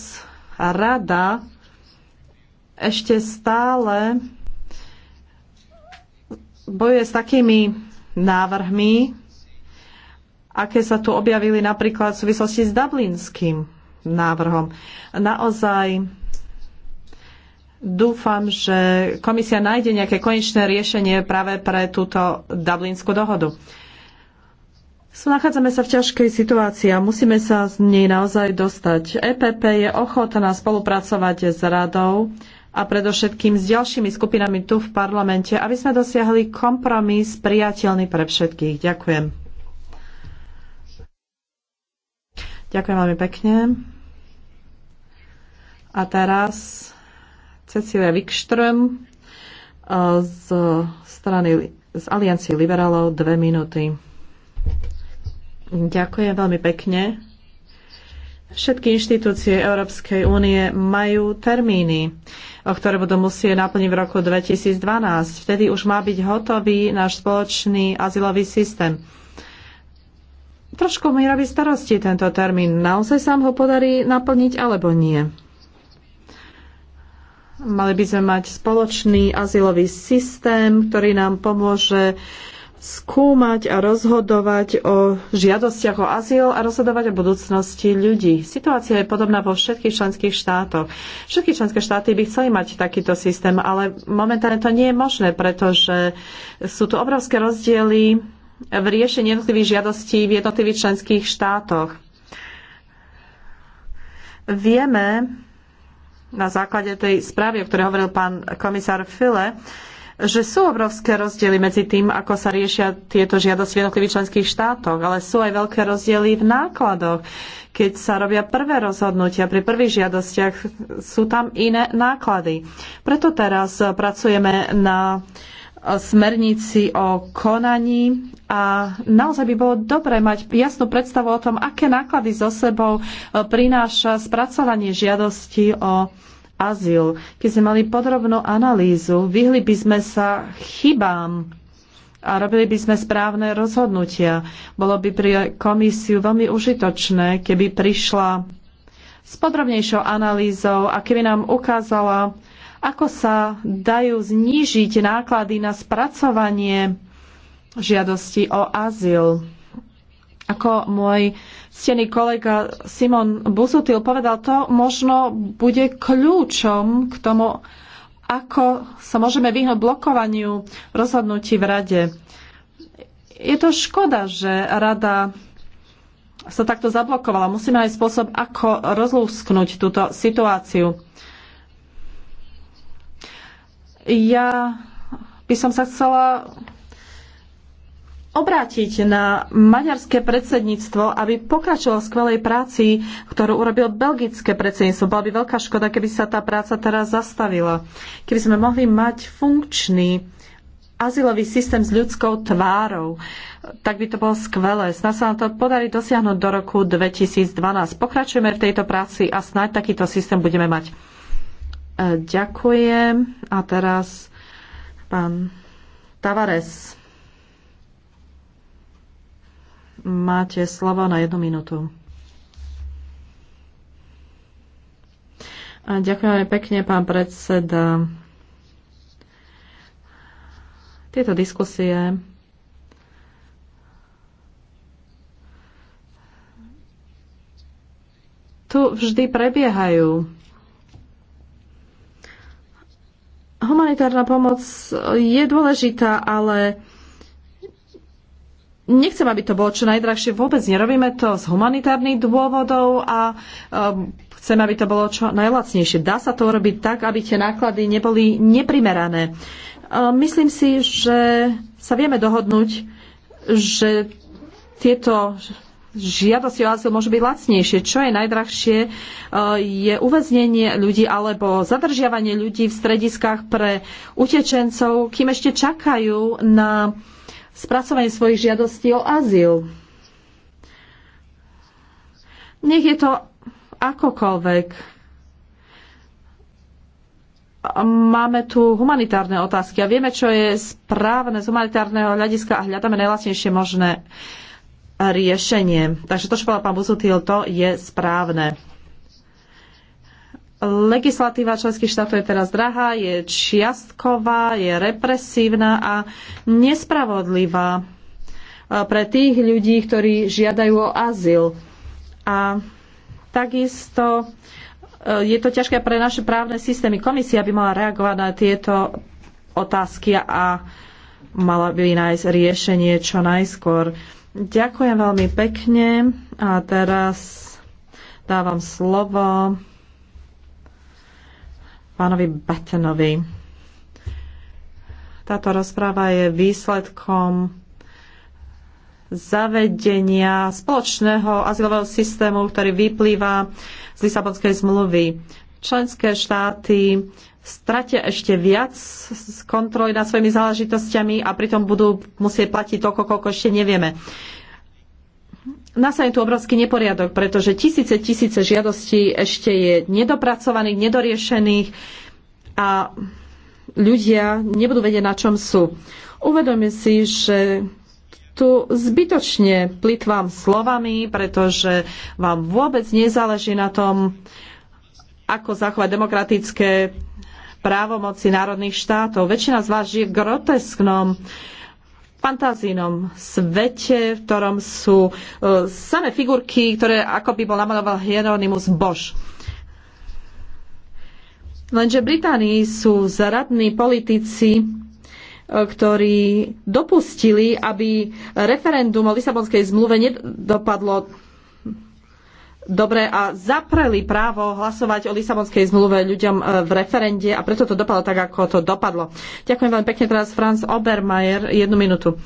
rada ešte stále bojuje s takými návrhmi, aké sa tu objavili napríklad v súvislosti s dublinským návrhom. Naozaj Dúfam, že komisia nájde nejaké konečné riešenie práve pre túto Dublinskú dohodu. So, nachádzame sa v ťažkej situácii a musíme sa z nej naozaj dostať. EPP je ochotná spolupracovať s radou a predovšetkým s ďalšími skupinami tu v parlamente, aby sme dosiahli kompromis priateľný pre všetkých. Ďakujem. Ďakujem veľmi pekne. A teraz Cecilia Wikström e, z strany z Aliancie liberálov dve minúty. Ďakujem veľmi pekne. Všetky inštitúcie Európskej únie majú termíny, o ktoré budú musieť naplniť v roku 2012. Vtedy už má byť hotový náš spoločný azylový systém. Trošku mi robí starosti tento termín. Naozaj sa ho podarí naplniť alebo nie? Mali by sme mať spoločný azylový systém, ktorý nám pomôže skúmať a rozhodovať o žiadostiach o azyl a rozhodovať o budúcnosti ľudí. Situácia je podobná vo všetkých členských štátoch. Všetky členské štáty by chceli mať takýto systém, ale momentálne to nie je možné, pretože sú tu obrovské rozdiely v riešení jednotlivých žiadostí v jednotlivých členských štátoch. Vieme, na základe tej správy, o ktorej hovoril pán komisár File, že sú obrovské rozdiely medzi tým, ako sa riešia tieto žiadosti v jednotlivých členských štátoch, ale sú aj veľké rozdiely v nákladoch. Keď sa robia prvé rozhodnutia pri prvých žiadostiach, sú tam iné náklady. Preto teraz pracujeme na uh, smernici o konaní a naozaj by bolo dobré mať jasnú predstavu o tom, aké náklady so sebou e, prináša spracovanie žiadosti o azyl. Keď sme mali podrobnú analýzu, vyhli by sme sa chybám a robili by sme správne rozhodnutia. Bolo by pre komisiu veľmi užitočné, keby prišla s podrobnejšou analýzou a keby nám ukázala, ako sa dajú znížiť náklady na spracovanie žiadosti o azyl? Ako môj ctený kolega Simon Buzutil povedal, to možno bude kľúčom k tomu, ako sa môžeme vyhnúť blokovaniu rozhodnutí v rade. Je to škoda, že rada sa takto zablokovala. Musíme aj spôsob, ako rozlúsknuť túto situáciu. Ja by som sa chcela obrátiť na maďarské predsedníctvo, aby pokračovalo v skvelej práci, ktorú urobil belgické predsedníctvo. Bola by veľká škoda, keby sa tá práca teraz zastavila. Keby sme mohli mať funkčný azylový systém s ľudskou tvárou, tak by to bolo skvelé. Snad sa nám to podarí dosiahnuť do roku 2012. Pokračujeme v tejto práci a snáď takýto systém budeme mať. E, ďakujem. A teraz pán Tavares. Máte slovo na jednu minútu. Ďakujem pekne, pán predseda. Tieto diskusie tu vždy prebiehajú Humanitárna pomoc je dôležitá, ale nechcem, aby to bolo čo najdrahšie. Vôbec nerobíme to z humanitárnych dôvodov a um, e, chcem, aby to bolo čo najlacnejšie. Dá sa to urobiť tak, aby tie náklady neboli neprimerané. Um, myslím si, že sa vieme dohodnúť, že tieto Žiadosť o azyl môže byť lacnejšie. Čo je najdrahšie, e, je uväznenie ľudí alebo zadržiavanie ľudí v strediskách pre utečencov, kým ešte čakajú na spracovanie svojich žiadostí o azyl. Nech je to akokoľvek. Máme tu humanitárne otázky a vieme, čo je správne z humanitárneho hľadiska a hľadáme najlacnejšie možné uh, riešenie. Takže to, čo povedal pán Busutil, to je správne. Legislatíva členských štátov je teraz drahá, je čiastková, je represívna a nespravodlivá pre tých ľudí, ktorí žiadajú o azyl. A takisto e, je to ťažké pre naše právne systémy. Komisia by mala reagovať na tieto otázky a mala by nájsť riešenie čo najskôr. Ďakujem veľmi pekne a teraz dávam slovo pánovi Batenovi. Táto rozpráva je výsledkom zavedenia spoločného azylového systému, ktorý vyplýva z Lisabonskej zmluvy členské štáty stratia ešte viac kontroly nad svojimi záležitostiami a pritom budú musieť platiť toľko, koľko ešte nevieme. je tu obrovský neporiadok, pretože tisíce, tisíce žiadostí ešte je nedopracovaných, nedoriešených a ľudia nebudú vedieť, na čom sú. Uvedome si, že tu zbytočne plitvám slovami, pretože vám vôbec nezáleží na tom, ako zachovať demokratické právomoci národných štátov. Väčšina z vás žije v grotesknom fantazínom svete, v ktorom sú uh, samé figurky, ktoré ako by bol namaloval Hieronymus Bosch. Lenže v Británii sú zradní politici, e, ktorí dopustili, aby referendum o Lisabonskej zmluve nedopadlo dobre a zapreli právo hlasovať o Lisabonskej zmluve ľuďom e, v referende a preto to dopadlo tak, ako to dopadlo. Ďakujem veľmi pekne teraz Franz Obermeier, jednu minútu. E,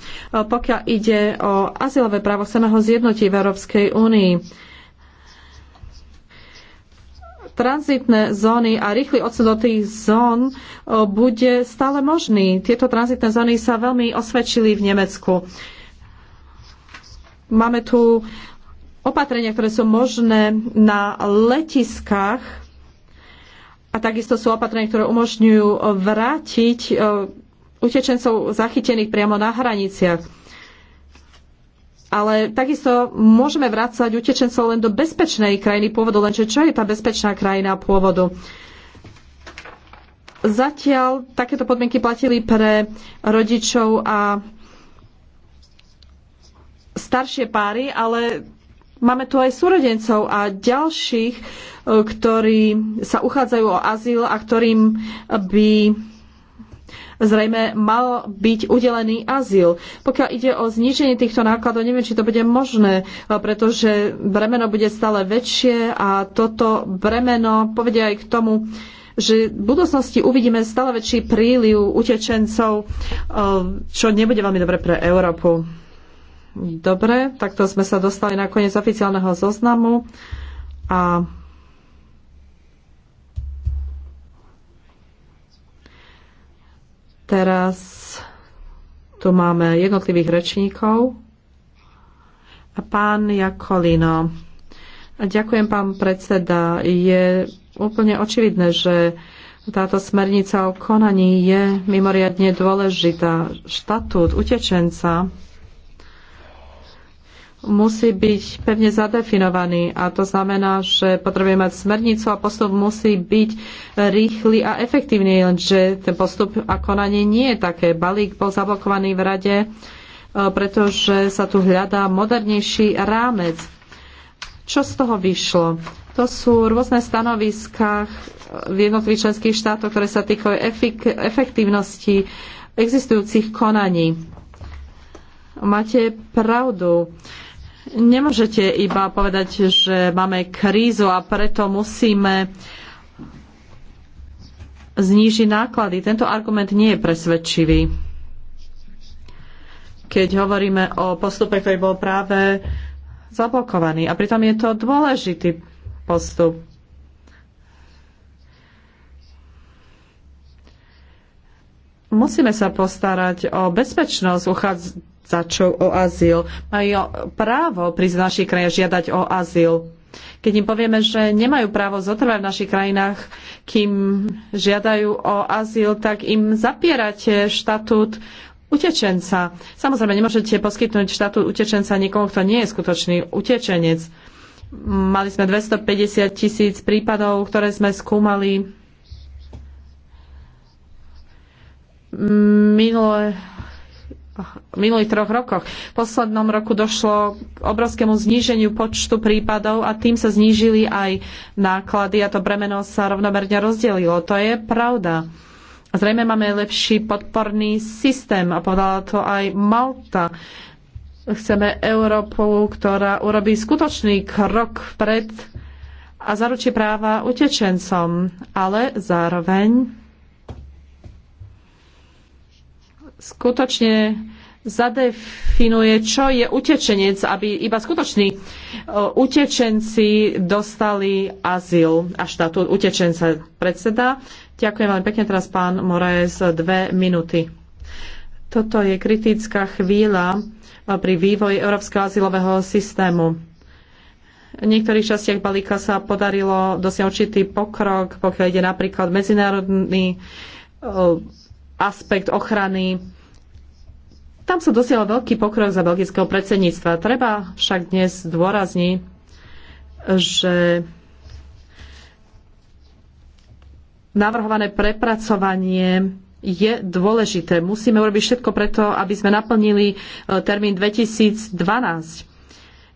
pokiaľ ide o azylové právo, chceme ho zjednotiť v Európskej únii tranzitné zóny a rýchly odsud do tých zón e, bude stále možný. Tieto tranzitné zóny sa veľmi osvedčili v Nemecku. Máme tu opatrenia, ktoré sú možné na letiskách a takisto sú opatrenia, ktoré umožňujú vrátiť e, utečencov zachytených priamo na hraniciach. Ale takisto môžeme vrácať utečencov len do bezpečnej krajiny pôvodu, lenže čo je tá bezpečná krajina pôvodu? Zatiaľ takéto podmienky platili pre rodičov a staršie páry, ale máme tu aj súrodencov a ďalších, e, ktorí sa uchádzajú o azyl a ktorým by zrejme mal byť udelený azyl. Pokiaľ ide o zníženie týchto nákladov, neviem, či to bude možné, e, pretože bremeno bude stále väčšie a toto bremeno povedia aj k tomu, že v budúcnosti uvidíme stále väčší príliv utečencov, e, čo nebude veľmi dobre pre Európu. Dobre, takto sme sa dostali na koniec oficiálneho zoznamu a teraz tu máme jednotlivých rečníkov. A pán Jakolino. A ďakujem, pán predseda. Je úplne očividné, že táto smernica o konaní je mimoriadne dôležitá. Štatút utečenca musí byť pevne zadefinovaný a to znamená, že potrebujeme mať smernicu a postup musí byť rýchly a efektívny, lenže ten postup a konanie nie je také. Balík bol zablokovaný v rade, e, pretože sa tu hľadá modernejší rámec. Čo z toho vyšlo? To sú rôzne stanoviska v jednotlivých členských štátoch, ktoré sa týkajú efektívnosti existujúcich konaní. Máte pravdu Nemôžete iba povedať, že máme krízu a preto musíme znížiť náklady. Tento argument nie je presvedčivý. Keď hovoríme o postupe, ktorý bol práve zablokovaný. A pritom je to dôležitý postup. Musíme sa postarať o bezpečnosť uchádzať uchádzačov o azyl. Majú právo prísť do našich krajinách žiadať o azyl. Keď im povieme, že nemajú právo zotrvať v našich krajinách, kým žiadajú o azyl, tak im zapierate štatút utečenca. Samozrejme, nemôžete poskytnúť štatút utečenca niekomu, kto nie je skutočný utečenec. Mali sme 250 tisíc prípadov, ktoré sme skúmali minulé minulých troch rokoch. V poslednom roku došlo k obrovskému zníženiu počtu prípadov a tým sa znížili aj náklady a to bremeno sa rovnomerne rozdelilo. To je pravda. Zrejme máme lepší podporný systém a povedala to aj Malta. Chceme Európu, ktorá urobí skutočný krok vpred a zaručí práva utečencom, ale zároveň skutočne zadefinuje, čo je utečenec, aby iba skutoční e, utečenci dostali azyl a štatút utečenca predseda. Ďakujem veľmi pekne teraz pán Moraes, dve minúty. Toto je kritická chvíľa e, pri vývoji európskeho azylového systému. V niektorých častiach balíka sa podarilo dosiahnuť určitý pokrok, pokiaľ ide napríklad medzinárodný e, aspekt ochrany. Tam sa dosiahol veľký pokrok za belgického predsedníctva. Treba však dnes dôrazniť, že navrhované prepracovanie je dôležité. Musíme urobiť všetko preto, aby sme naplnili e, termín 2012.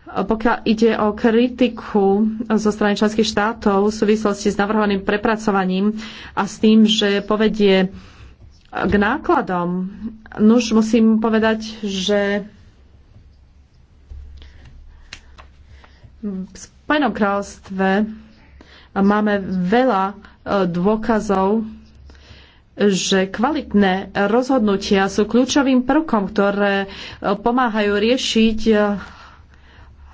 Pokiaľ ide o kritiku zo strany členských štátov v súvislosti s navrhovaným prepracovaním a s tým, že povedie k nákladom. Nuž musím povedať, že v Spojenom kráľovstve máme veľa e, dôkazov, že kvalitné rozhodnutia sú kľúčovým prvkom, ktoré e, pomáhajú riešiť e,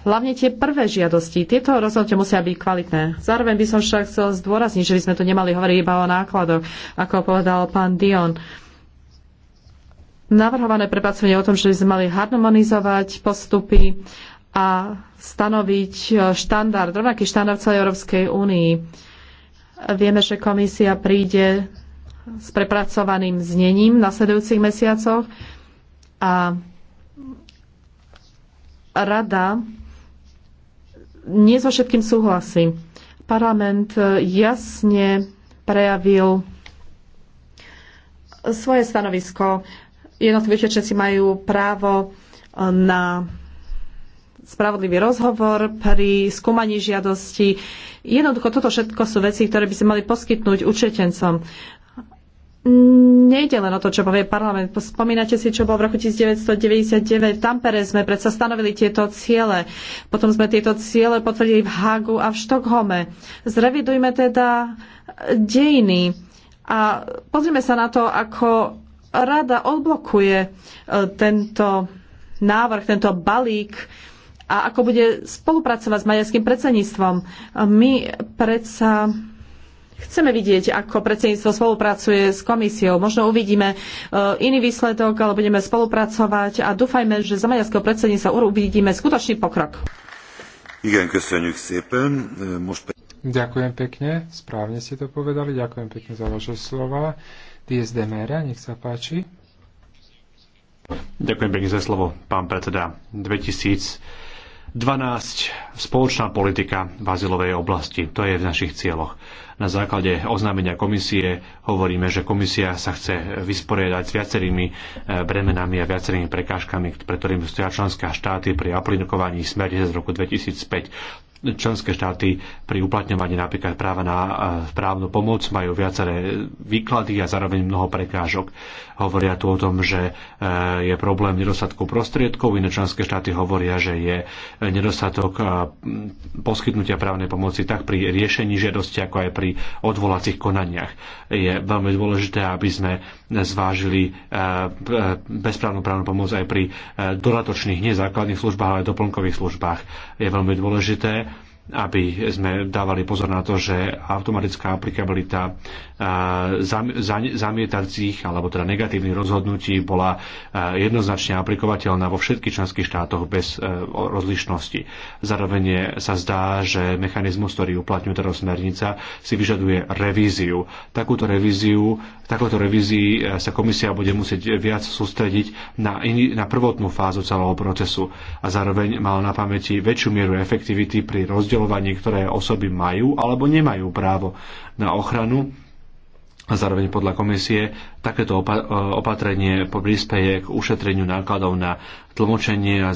hlavne tie prvé žiadosti. Tieto rozhodnutia musia byť kvalitné. Zároveň by som však chcel zdôrazniť, že by sme tu nemali hovoriť iba o nákladoch, ako povedal pán Dion. Navrhované prepracovanie o tom, že by sme mali harmonizovať postupy a stanoviť štandard, rovnaký štandard celej Európskej únii. Vieme, že komisia príde s prepracovaným znením v nasledujúcich mesiacoch a rada nie so všetkým súhlasím. Parlament e, jasne prejavil svoje stanovisko. Jednotliví všetci majú právo e, na spravodlivý rozhovor pri skúmaní žiadosti. Jednoducho toto všetko sú veci, ktoré by sme mali poskytnúť učetencom. Nejde len o to, čo povie parlament. Spomínate si, čo bolo v roku 1999. V Tampere sme predsa stanovili tieto ciele. Potom sme tieto ciele potvrdili v Hagu a v Štokholme. Zrevidujme teda dejiny a pozrime sa na to, ako rada odblokuje e, tento návrh, tento balík a ako bude spolupracovať s maďarským predsedníctvom. My predsa Chceme vidieť, ako predsedníctvo spolupracuje s komisiou. Možno uvidíme e, iný výsledok, ale budeme spolupracovať a dúfajme, že za maďarského predsedníctva uvidíme skutočný pokrok. E, ďakujem pekne, správne ste to povedali, ďakujem pekne za vaše slova. Dies de Mera, nech sa páči. Ďakujem pekne za slovo, pán predseda. 2000 12. Spoločná politika v azylovej oblasti. To je v našich cieľoch. Na základe oznámenia komisie hovoríme, že komisia sa chce vysporiadať s viacerými e, bremenami a viacerými prekážkami, pre ktorými stoja členské štáty pri aplikovaní smernice z roku 2005 členské štáty pri uplatňovaní napríklad práva na eh, právnu pomoc majú viaceré výklady a zároveň mnoho prekážok. Hovoria tu o tom, že eh, je problém nedostatku prostriedkov, iné členské štáty hovoria, že je eh, nedostatok poskytnutia právnej pomoci tak pri riešení žiadosti, ako aj pri odvolacích konaniach. Je veľmi dôležité, aby sme zvážili eh, eh, bezprávnu právnu pomoc aj pri eh, dodatočných nezákladných službách, ale aj doplnkových službách. Je veľmi dôležité, aby sme dávali pozor na to, že automatická aplikabilita zamietacích alebo teda negatívnych rozhodnutí bola jednoznačne aplikovateľná vo všetkých členských štátoch bez e, rozlišnosti. Zároveň sa zdá, že mechanizmus, ktorý uplatňuje teraz smernica, si vyžaduje revíziu. Takúto revíziu, takouto revízii e, sa komisia bude musieť viac sústrediť na, in, na prvotnú fázu celého procesu a zároveň mal na pamäti väčšiu mieru efektivity pri rozdiel rozdeľovaní, ktoré osoby majú alebo nemajú právo na ochranu. A zároveň podľa komisie takéto e, opatrenie prispeje k ušetreniu nákladov na tlmočenie a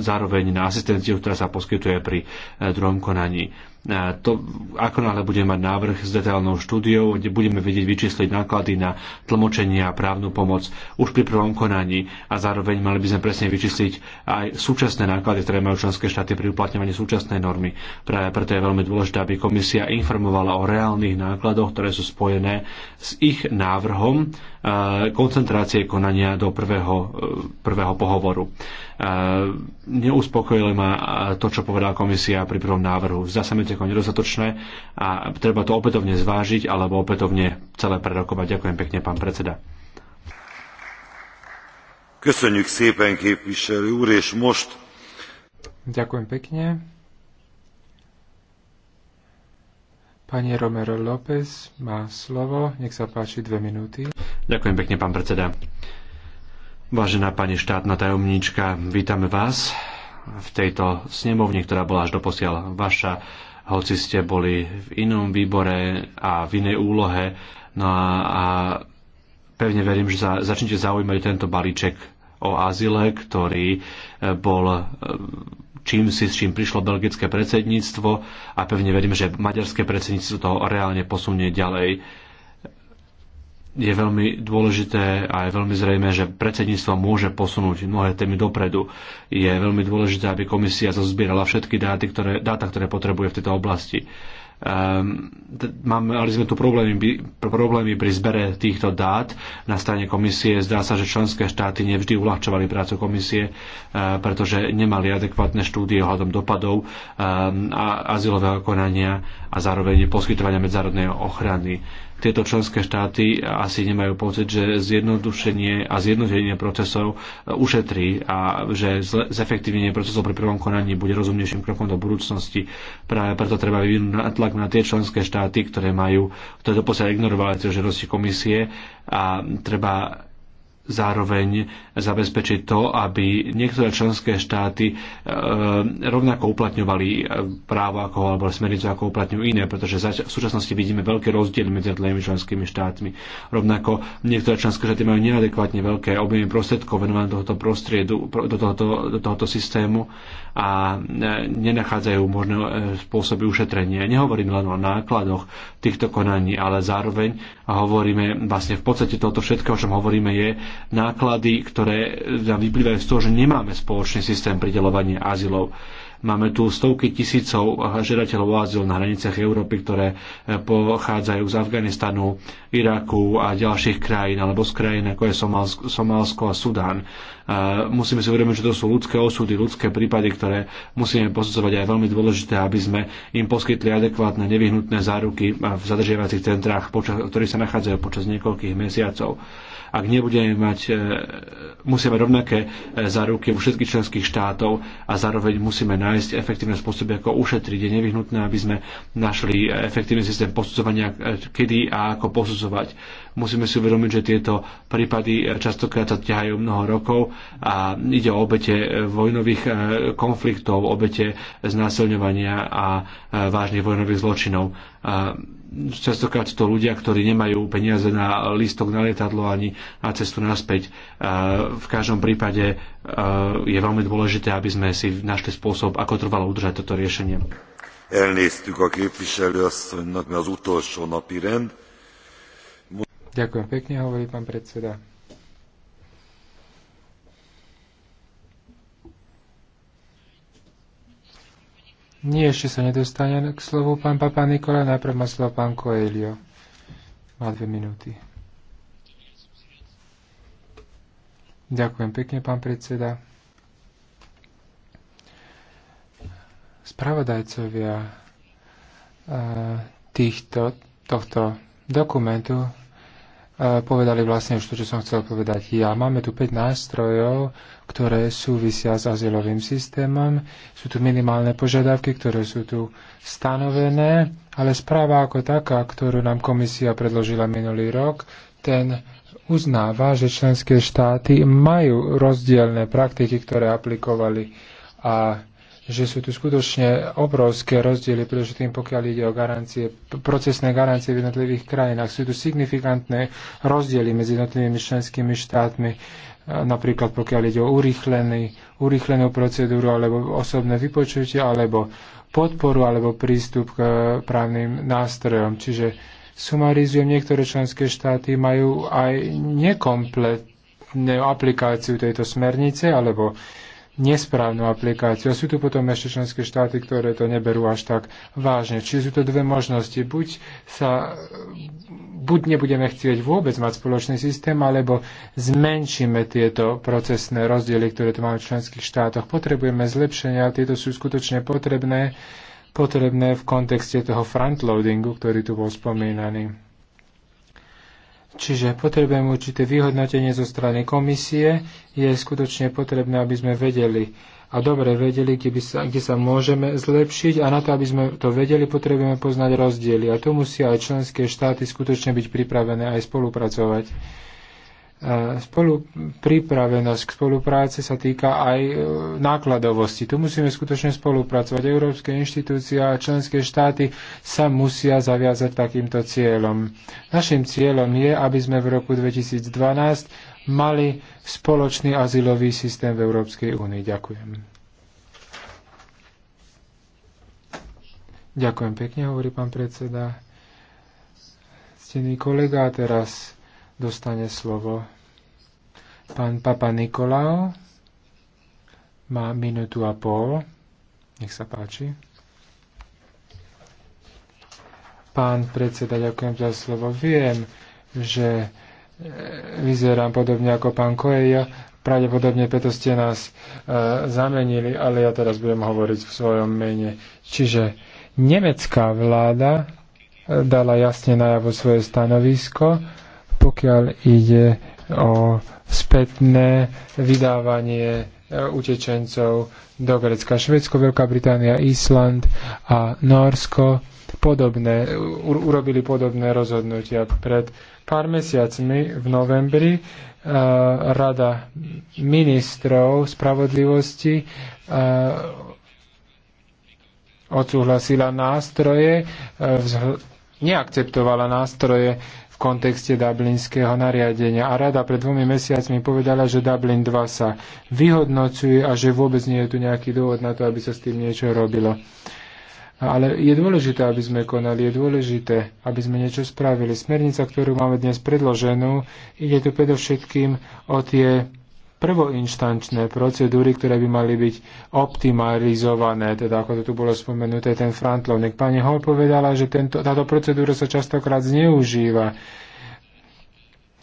zároveň na asistenciu, ktorá sa poskytuje pri e, druhom konaní to, ako náhle budeme mať návrh s detailnou štúdiou, kde budeme vedieť vyčísliť náklady na tlmočenie a právnu pomoc už pri prvom konaní a zároveň mali by sme presne vyčísliť aj súčasné náklady, ktoré majú členské štáty pri uplatňovaní súčasnej normy. Práve preto je veľmi dôležité, aby komisia informovala o reálnych nákladoch, ktoré sú spojené s ich návrhom Eh, koncentrácie konania do prvého, eh, prvého pohovoru. Eh, Neuspokojilo ma to, čo povedala komisia pri prvom návrhu. Zdá sa mi to nedostatočné a treba to opätovne zvážiť alebo opätovne celé prerokovať. Ďakujem pekne, pán predseda. Köszönjük szépen, képviselő úr, és most... Ďakujem pekne. Pani Romero López má slovo. Nech sa páči dve minúty. Ďakujem pekne, pán predseda. Vážená pani štátna tajomníčka, vítame vás v tejto snemovni, ktorá bola až doposiaľ vaša, hoci ste boli v inom výbore a v inej úlohe. No a, a pevne verím, že za, začnete zaujímať tento balíček o azile, ktorý e, bol e, čím si s čím prišlo belgické predsedníctvo a pevne verím, že maďarské predsedníctvo to reálne posunie ďalej. Je veľmi dôležité a je veľmi zrejme, že predsedníctvo môže posunúť mnohé témy dopredu. Je veľmi dôležité, aby komisia zozbierala všetky dáty, ktoré, dáta, ktoré potrebuje v tejto oblasti Ehm, mali sme tu problémy, problémy pri zbere týchto dát na strane komisie. Zdá sa, že členské štáty nevždy uľahčovali prácu komisie, eh, pretože nemali adekvátne štúdie ohľadom dopadov ehm, a azylového konania a zároveň poskytovania medzárodnej ochrany tieto členské štáty asi nemajú pocit, že zjednodušenie a zjednotenie procesov eh, ušetrí a že zefektívnenie procesov pri prvom konaní bude rozumnejším krokom do budúcnosti. Práve preto treba vyvinúť tlak tlak na tie členské štáty, ktoré majú, ktoré doposiaľ ignorovali tie žiadosti komisie a treba zároveň zabezpečiť to, aby niektoré členské štáty e, rovnako uplatňovali e, právo ako, alebo smernicu ako uplatňujú iné, pretože v súčasnosti vidíme veľké rozdiely medzi jednotlivými členskými štátmi. Rovnako niektoré členské štáty majú neadekvátne veľké objemy prostriedkov venované do tohoto prostriedu, do tohoto, do tohoto systému a e, nenachádzajú možné spôsoby ušetrenia. Nehovorím len o nákladoch týchto konaní, ale zároveň hovoríme, vlastne v podstate toto všetko, o čom hovoríme, je, náklady, ktoré nám vyplývajú z toho, že nemáme spoločný systém pridelovania azylov. Máme tu stovky tisícov žiadateľov o azyl na hraniciach Európy, ktoré eh, pochádzajú z Afganistanu, Iraku a ďalších krajín, alebo z krajín ako je Somálsko a Sudán. Eh, musíme si uvedomiť, že to sú ľudské osudy, ľudské prípady, ktoré musíme posudzovať a je veľmi dôležité, aby sme im poskytli adekvátne nevyhnutné záruky eh, v zadržiavacích centrách, ktorí sa nachádzajú počas niekoľkých mesiacov ak nebudeme mať, e, musíme rovnaké e, záruky u všetkých členských štátov a zároveň musíme nájsť efektívne spôsoby, ako ušetriť. Je nevyhnutné, aby sme našli e, efektívny systém posudzovania, kedy a ako posudzovať. Musíme si uvedomiť, že tieto prípady častokrát sa ťahajú mnoho rokov a ide o obete vojnových konfliktov, obete znásilňovania a vážnych vojnových zločinov častokrát to ľudia, ktorí nemajú peniaze na lístok na lietadlo ani na cestu naspäť. V každom prípade je veľmi dôležité, aby sme si našli spôsob, ako trvalo udržať toto riešenie. Ďakujem pekne, hovorí pán predseda. Nie, ešte sa nedostane k slovu pán Papa Nikola, najprv má slovo pán Koelio. Má dve minúty. Ďakujem pekne, pán predseda. Spravodajcovia eh, týchto, tohto dokumentu povedali vlastne už to, čo som chcel povedať ja. Máme tu 5 nástrojov, ktoré súvisia s azylovým systémom. Sú tu minimálne požiadavky, ktoré sú tu stanovené, ale správa ako taká, ktorú nám komisia predložila minulý rok, ten uznáva, že členské štáty majú rozdielne praktiky, ktoré aplikovali a že sú tu skutočne obrovské rozdiely, predovšetkým pokiaľ ide o garancie, procesné garancie v jednotlivých krajinách. Sú tu signifikantné rozdiely medzi jednotlivými členskými štátmi, e, napríklad pokiaľ ide o urýchlený, urýchlenú procedúru alebo osobné vypočutie alebo podporu alebo prístup k e, právnym nástrojom. Čiže sumarizujem, niektoré členské štáty majú aj nekompletnú aplikáciu tejto smernice alebo uh, nesprávnu aplikáciu. A sú tu potom ešte členské štáty, ktoré to neberú až tak vážne. Čiže sú to dve možnosti. Buď sa buď nebudeme chcieť vôbec mať spoločný systém, alebo zmenšíme tieto procesné rozdiely, ktoré tu máme v členských štátoch. Potrebujeme zlepšenia, tieto sú skutočne potrebné, potrebné v kontexte toho frontloadingu, ktorý tu bol spomínaný. Čiže potrebujeme určité vyhodnotenie zo strany komisie. Je skutočne potrebné, aby sme vedeli a dobre vedeli, kde, sa, kde sa môžeme zlepšiť a na to, aby sme to vedeli, potrebujeme poznať rozdiely. A tu musia aj členské štáty skutočne byť pripravené aj spolupracovať spolu, pripravenosť k spolupráci sa týka aj e, nákladovosti. Tu musíme skutočne spolupracovať. Európske inštitúcie a členské štáty sa musia zaviazať takýmto cieľom. Našim cieľom je, aby sme v roku 2012 mali spoločný azylový systém v Európskej únii. Ďakujem. Ďakujem pekne, hovorí pán predseda. Ctený kolega, teraz dostane slovo pán Papa Nikolao. Má minútu a pol. Nech sa páči. Pán predseda, ďakujem za slovo. Viem, že e, vyzerám podobne ako pán Koeja. Pravdepodobne preto ste nás e, zamenili, ale ja teraz budem hovoriť v svojom mene. Čiže nemecká vláda e, dala jasne najavo svoje stanovisko pokiaľ ide o spätné vydávanie e, utečencov do Grecka. Švedsko, Veľká Británia, Island a Norsko podobné, urobili podobné rozhodnutia. Pred pár mesiacmi v novembri e, Rada ministrov spravodlivosti e, odsúhlasila nástroje, neakceptovala nástroje kontexte dublinského nariadenia. A rada pred dvomi mesiacmi povedala, že Dublin 2 sa vyhodnocuje a že vôbec nie je tu nejaký dôvod na to, aby sa s tým niečo robilo. Ale je dôležité, aby sme konali, je dôležité, aby sme niečo spravili. Smernica, ktorú máme dnes predloženú, ide tu predovšetkým o tie prvoinštančné procedúry, ktoré by mali byť optimalizované, teda ako to tu bolo spomenuté, ten frontlovník. Pani Hall povedala, že tento, táto procedúra sa častokrát zneužíva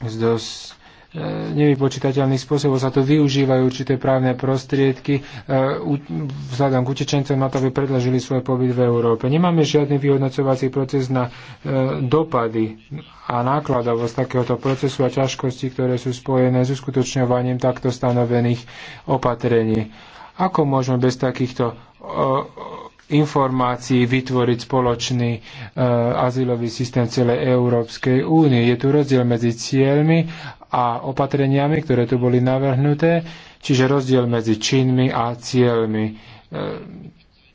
z dosť E, nevypočítateľný spôsob, sa to využívajú určité právne prostriedky e, vzhľadom k utečencom na to, aby predložili svoj pobyt v Európe. Nemáme žiadny vyhodnocovací proces na e, dopady a nákladovosť takéhoto procesu a ťažkosti, ktoré sú spojené s uskutočňovaním takto stanovených opatrení. Ako môžeme bez takýchto informácií vytvoriť spoločný e, azylový systém celej Európskej únie. Je tu rozdiel medzi cieľmi a opatreniami, ktoré tu boli navrhnuté, čiže rozdiel medzi činmi a cieľmi. E,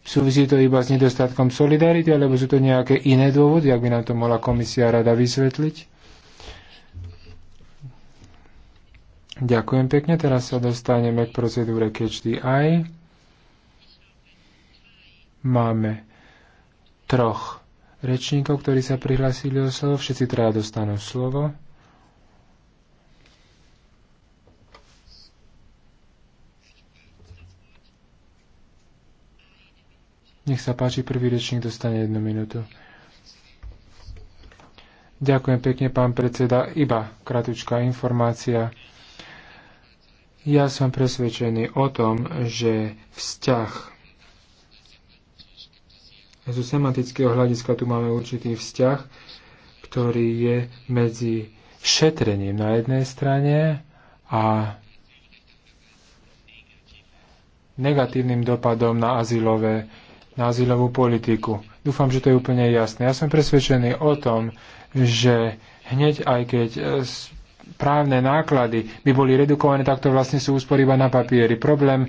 súvisí to iba s nedostatkom solidarity, alebo sú to nejaké iné dôvody, ak by nám to mohla komisia rada vysvetliť? Ďakujem pekne, teraz sa dostaneme k procedúre Catch the Eye. Máme troch rečníkov, ktorí sa prihlásili o slovo. Všetci traja dostanú slovo. Nech sa páči, prvý rečník dostane jednu minútu. Ďakujem pekne, pán predseda. Iba kratučká informácia. Ja som presvedčený o tom, že vzťah zo semantického hľadiska tu máme určitý vzťah, ktorý je medzi šetrením na jednej strane a negatívnym dopadom na, azylové, na azylovú politiku. Dúfam, že to je úplne jasné. Ja som presvedčený o tom, že hneď aj keď e, právne náklady by boli redukované, tak to vlastne sú úspory iba na papieri. Problém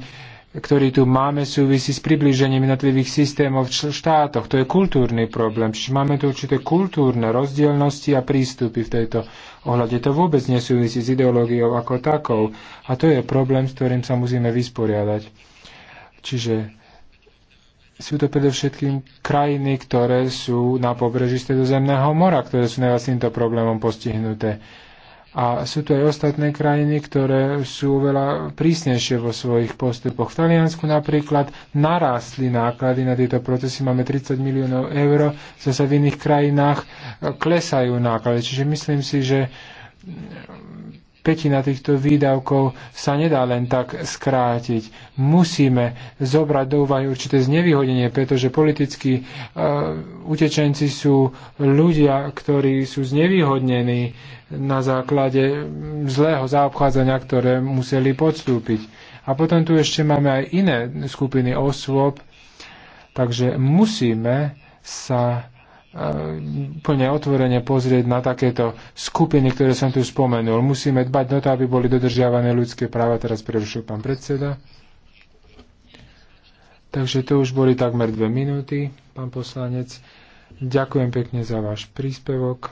ktorý tu máme, súvisí s približením jednotlivých systémov v štátoch. To je kultúrny problém. Čiže máme tu určité kultúrne rozdielnosti a prístupy v tejto ohľade. To vôbec nesúvisí s ideológiou ako takou. A to je problém, s ktorým sa musíme vysporiadať. Čiže sú to predovšetkým krajiny, ktoré sú na pobreží Stredozemného mora, ktoré sú najviac týmto problémom postihnuté. A sú tu aj ostatné krajiny, ktoré sú oveľa prísnejšie vo svojich postupoch. V Taliansku napríklad narástli náklady na tieto procesy, máme 30 miliónov eur, zase v iných krajinách klesajú náklady. Čiže myslím si, že petina týchto výdavkov sa nedá len tak skrátiť. Musíme zobrať do úvahy určité znevýhodenie, pretože politickí uh, utečenci sú ľudia, ktorí sú znevýhodnení na základe zlého zaobchádzania, ktoré museli podstúpiť. A potom tu ešte máme aj iné skupiny osôb, takže musíme sa úplne otvorene pozrieť na takéto skupiny, ktoré som tu spomenul. Musíme dbať na to, aby boli dodržiavané ľudské práva. Teraz prerušil pán predseda. Takže to už boli takmer dve minúty, pán poslanec. Ďakujem pekne za váš príspevok.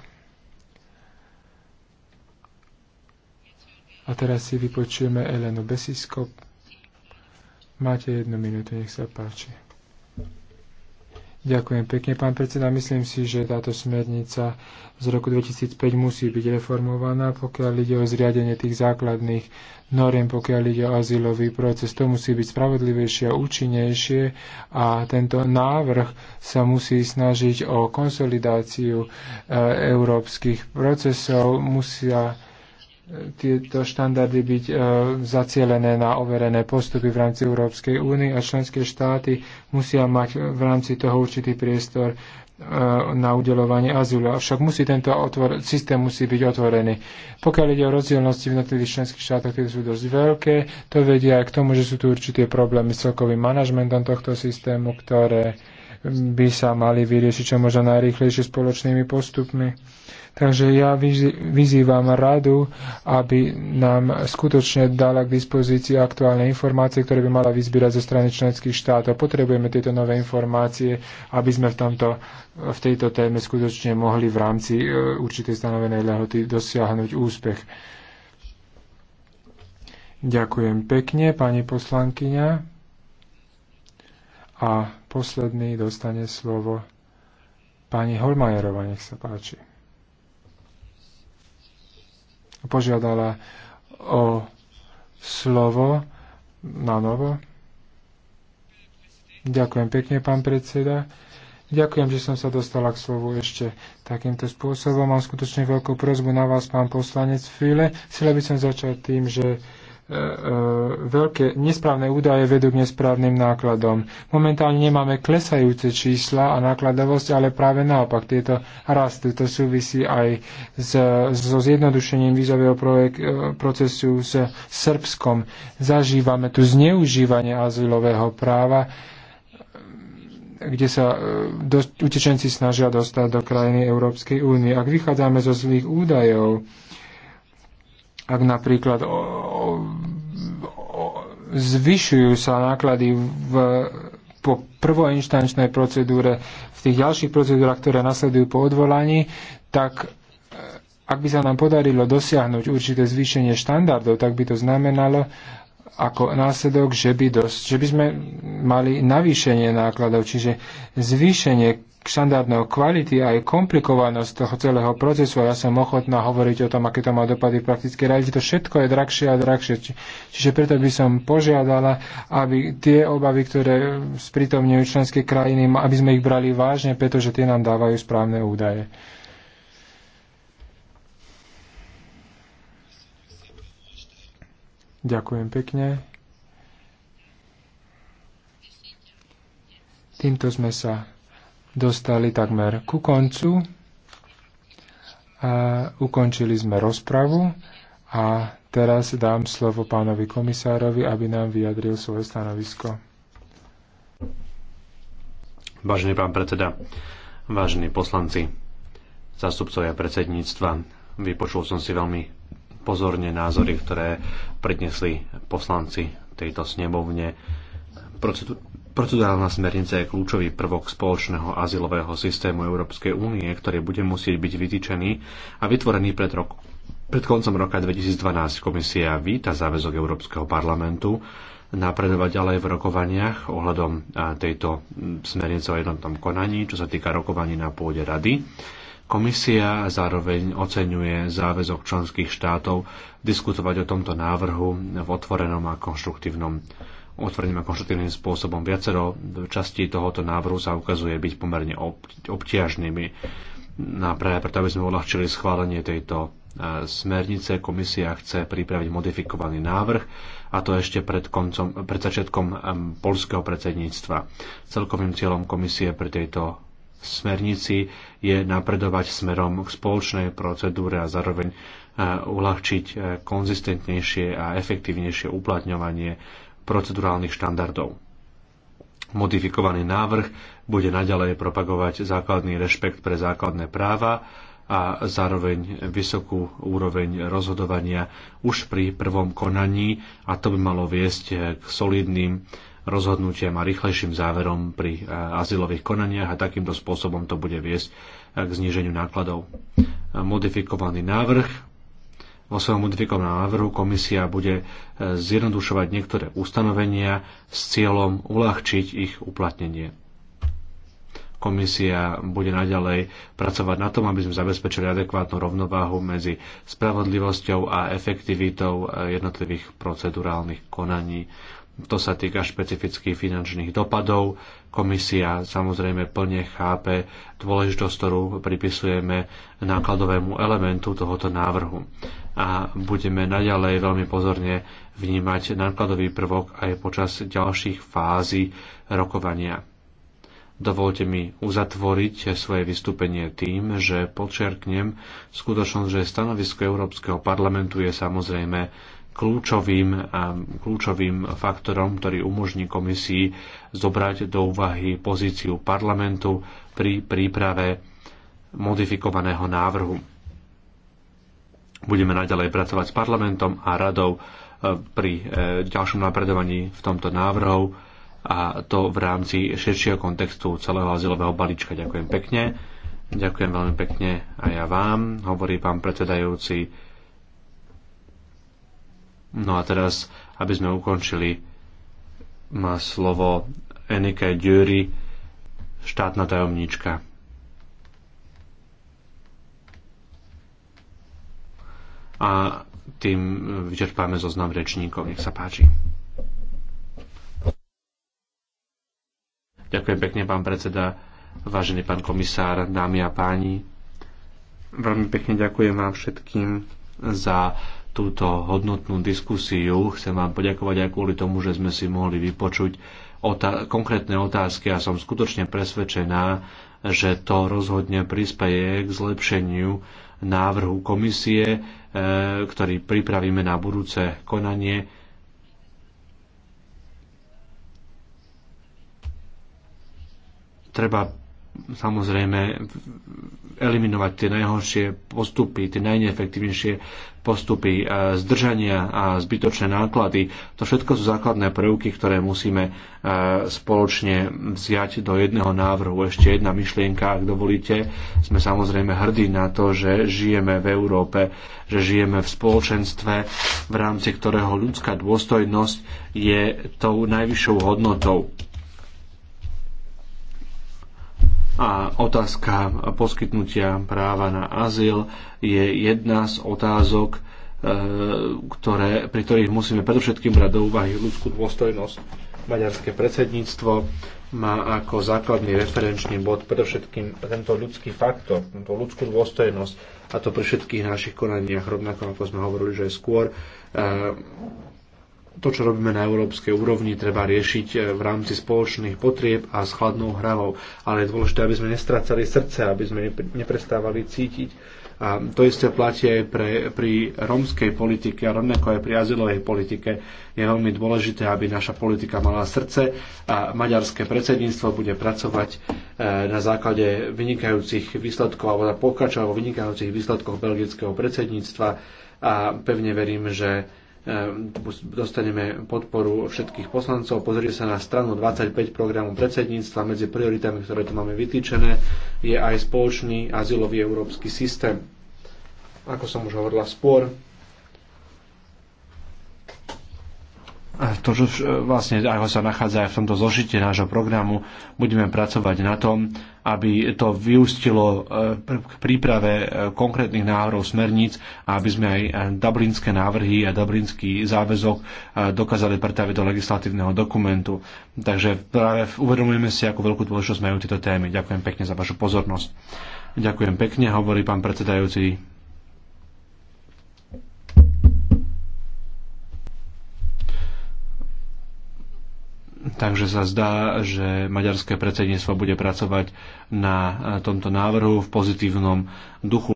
A teraz si vypočujeme Elenu Besisko. Máte jednu minútu, nech sa páči. Ďakujem pekne, pán predseda. Myslím si, že táto smernica z roku 2005 musí byť reformovaná, pokiaľ ide o zriadenie tých základných noriem, pokiaľ ide o azylový proces. To musí byť spravodlivejšie a účinnejšie a tento návrh sa musí snažiť o konsolidáciu e, európskych procesov, musia tieto štandardy byť e, zacielené na overené postupy v rámci Európskej únie a členské štáty musia mať v rámci toho určitý priestor e, na udelovanie azylu. Avšak musí tento otvor, systém musí byť otvorený. Pokiaľ ide o rozdielnosti v jednotlivých členských štátoch, ktoré sú dosť veľké, to vedia aj k tomu, že sú tu určité problémy s celkovým manažmentom tohto systému, ktoré by sa mali vyriešiť čo možno najrýchlejšie spoločnými postupmi. Takže ja vyzývam radu, aby nám skutočne dala k dispozícii aktuálne informácie, ktoré by mala vyzbierať zo strany členských štátov. Potrebujeme tieto nové informácie, aby sme v, tomto, v tejto téme skutočne mohli v rámci e, určitej stanovenej lehoty dosiahnuť úspech. Ďakujem pekne, pani poslankyňa. A posledný dostane slovo pani Holmajerova, nech sa páči požiadala o slovo na novo. Ďakujem pekne, pán predseda. Ďakujem, že som sa dostala k slovu ešte takýmto spôsobom. Mám skutočne veľkú prozbu na vás, pán poslanec File. Chcela by som začať tým, že E, e, veľké nesprávne údaje vedú k nesprávnym nákladom. Momentálne nemáme klesajúce čísla a nákladovosť, ale práve naopak tieto rastú. To súvisí aj s, so zjednodušením vízového projek- e, procesu s Srbskom. Zažívame tu zneužívanie azylového práva kde sa do, utečenci snažia dostať do krajiny Európskej únie. Ak vychádzame zo zlých údajov, ak napríklad o, o, o, zvyšujú sa náklady v, po prvoinštančnej procedúre, v tých ďalších procedúrach, ktoré nasledujú po odvolaní, tak e, ak by sa nám podarilo dosiahnuť určité zvýšenie štandardov, tak by to znamenalo, ako následok, že by, dosť, že by sme mali navýšenie nákladov, čiže zvýšenie štandardného kvality a aj komplikovanosť toho celého procesu. A ja som ochotná hovoriť o tom, aké to má dopady v praktickej realite. To všetko je drahšie a drahšie. Či, čiže preto by som požiadala, aby tie obavy, ktoré sprítomňujú členské krajiny, aby sme ich brali vážne, pretože tie nám dávajú správne údaje. Ďakujem pekne. Týmto sme sa dostali takmer ku koncu. A ukončili sme rozpravu a teraz dám slovo pánovi komisárovi, aby nám vyjadril svoje stanovisko. Vážený pán predseda, vážení poslanci, zastupcovia predsedníctva, vypočul som si veľmi pozorne názory, ktoré prednesli poslanci tejto snemovne. Procedurálna smernica je kľúčový prvok spoločného azylového systému Európskej únie, ktorý bude musieť byť vytýčený a vytvorený pred rok. Pred koncom roka 2012 komisia víta záväzok Európskeho parlamentu napredovať ďalej v rokovaniach ohľadom tejto smernice o jednotnom konaní, čo sa týka rokovaní na pôde rady Komisia zároveň oceňuje záväzok členských štátov diskutovať o tomto návrhu v otvorenom a konštruktívnom otvoreným a konštruktívnym spôsobom. Viacero častí tohoto návrhu sa ukazuje byť pomerne obťažnými. napríklad, práve preto, aby sme uľahčili schválenie tejto e, smernice, komisia chce pripraviť modifikovaný návrh, a to ešte pred, koncom, pred začiatkom e, polského predsedníctva. Celkovým cieľom komisie pri tejto smernici je napredovať smerom k spoločnej procedúre a zároveň e, uľahčiť e, konzistentnejšie a efektívnejšie uplatňovanie procedurálnych štandardov. Modifikovaný návrh bude naďalej propagovať základný rešpekt pre základné práva a zároveň vysokú úroveň rozhodovania už pri prvom konaní a to by malo viesť e, k solidným rozhodnutiam a rýchlejším záverom pri eh, azylových konaniach a takýmto spôsobom to bude viesť eh, k zníženiu nákladov. Eh, modifikovaný návrh vo svojom modifikovanom návrhu komisia bude zjednodušovať niektoré ustanovenia s cieľom uľahčiť ich uplatnenie. Komisia bude naďalej pracovať na tom, aby sme zabezpečili adekvátnu rovnováhu medzi spravodlivosťou a efektivitou eh, jednotlivých procedurálnych konaní. To sa týka špecifických finančných dopadov. Komisia samozrejme plne chápe dôležitosť, ktorú pripisujeme nákladovému elementu tohoto návrhu. A budeme naďalej veľmi pozorne vnímať nákladový prvok aj počas ďalších fází rokovania. Dovolte mi uzatvoriť svoje vystúpenie tým, že počerknem skutočnosť, že stanovisko Európskeho parlamentu je samozrejme kľúčovým, kľúčovým faktorom, ktorý umožní komisii zobrať do úvahy pozíciu parlamentu pri príprave modifikovaného návrhu. Budeme naďalej pracovať s parlamentom a radou e, pri e, ďalšom napredovaní v tomto návrhu a to v rámci širšieho kontextu celého azylového balíčka. Ďakujem pekne. Ďakujem veľmi pekne a ja vám, hovorí pán predsedajúci. No a teraz, aby sme ukončili, má slovo Enike Dury, štátna tajomníčka. A tým vyčerpáme zoznam rečníkov. Nech sa páči. Ďakujem pekne, pán predseda, vážený pán komisár, dámy a páni. Veľmi pekne ďakujem vám všetkým za túto hodnotnú diskusiu. Chcem vám poďakovať aj kvôli tomu, že sme si mohli vypočuť otá- konkrétne otázky a som skutočne presvedčená, že to rozhodne prispeje k zlepšeniu návrhu komisie, e, ktorý pripravíme na budúce konanie treba samozrejme eliminovať tie najhoršie postupy, tie najneefektívnejšie postupy, e, zdržania a zbytočné náklady. To všetko sú základné prvky, ktoré musíme e, spoločne vziať do jedného návrhu. Ešte jedna myšlienka, ak dovolíte. Sme samozrejme hrdí na to, že žijeme v Európe, že žijeme v spoločenstve, v rámci ktorého ľudská dôstojnosť je tou najvyššou hodnotou a otázka poskytnutia práva na azyl je jedna z otázok, e, ktoré, pri ktorých musíme predovšetkým brať do úvahy ľudskú dôstojnosť. Maďarské predsedníctvo má ako základný referenčný bod predovšetkým tento ľudský faktor, tento ľudskú dôstojnosť a to pri všetkých našich konaniach, rovnako ako sme hovorili, že aj skôr e, to, čo robíme na európskej úrovni, treba riešiť e, v rámci spoločných potrieb a s chladnou hravou. Ale je dôležité, aby sme nestracali srdce, aby sme neprestávali cítiť. A to isté platí aj pre, pri rómskej politike a rovnako aj pri azylovej politike. Je veľmi dôležité, aby naša politika mala srdce a maďarské predsedníctvo bude pracovať e, na základe vynikajúcich výsledkov alebo pokračovať vo vynikajúcich výsledkoch belgického predsedníctva a pevne verím, že Ehm, dostaneme podporu všetkých poslancov. Pozrite sa na stranu 25 programu predsedníctva. Medzi prioritami, ktoré tu máme vytýčené, je aj spoločný azylový európsky systém. Ako som už hovorila spôr, to, čo e, vlastne ako sa nachádza aj v tomto zložite nášho programu, budeme pracovať na tom, aby to vyústilo e, k príprave e, konkrétnych návrhov smerníc a aby sme aj dublinské návrhy a dublinský záväzok dokázali pretaviť do legislatívneho dokumentu. Takže práve uvedomujeme si, ako veľkú dôležitosť majú tieto témy. Ďakujem pekne za vašu pozornosť. Ďakujem pekne, hovorí pán predsedajúci Takže sa zdá, že maďarské predsedníctvo bude pracovať na tomto návrhu v pozitívnom duchu.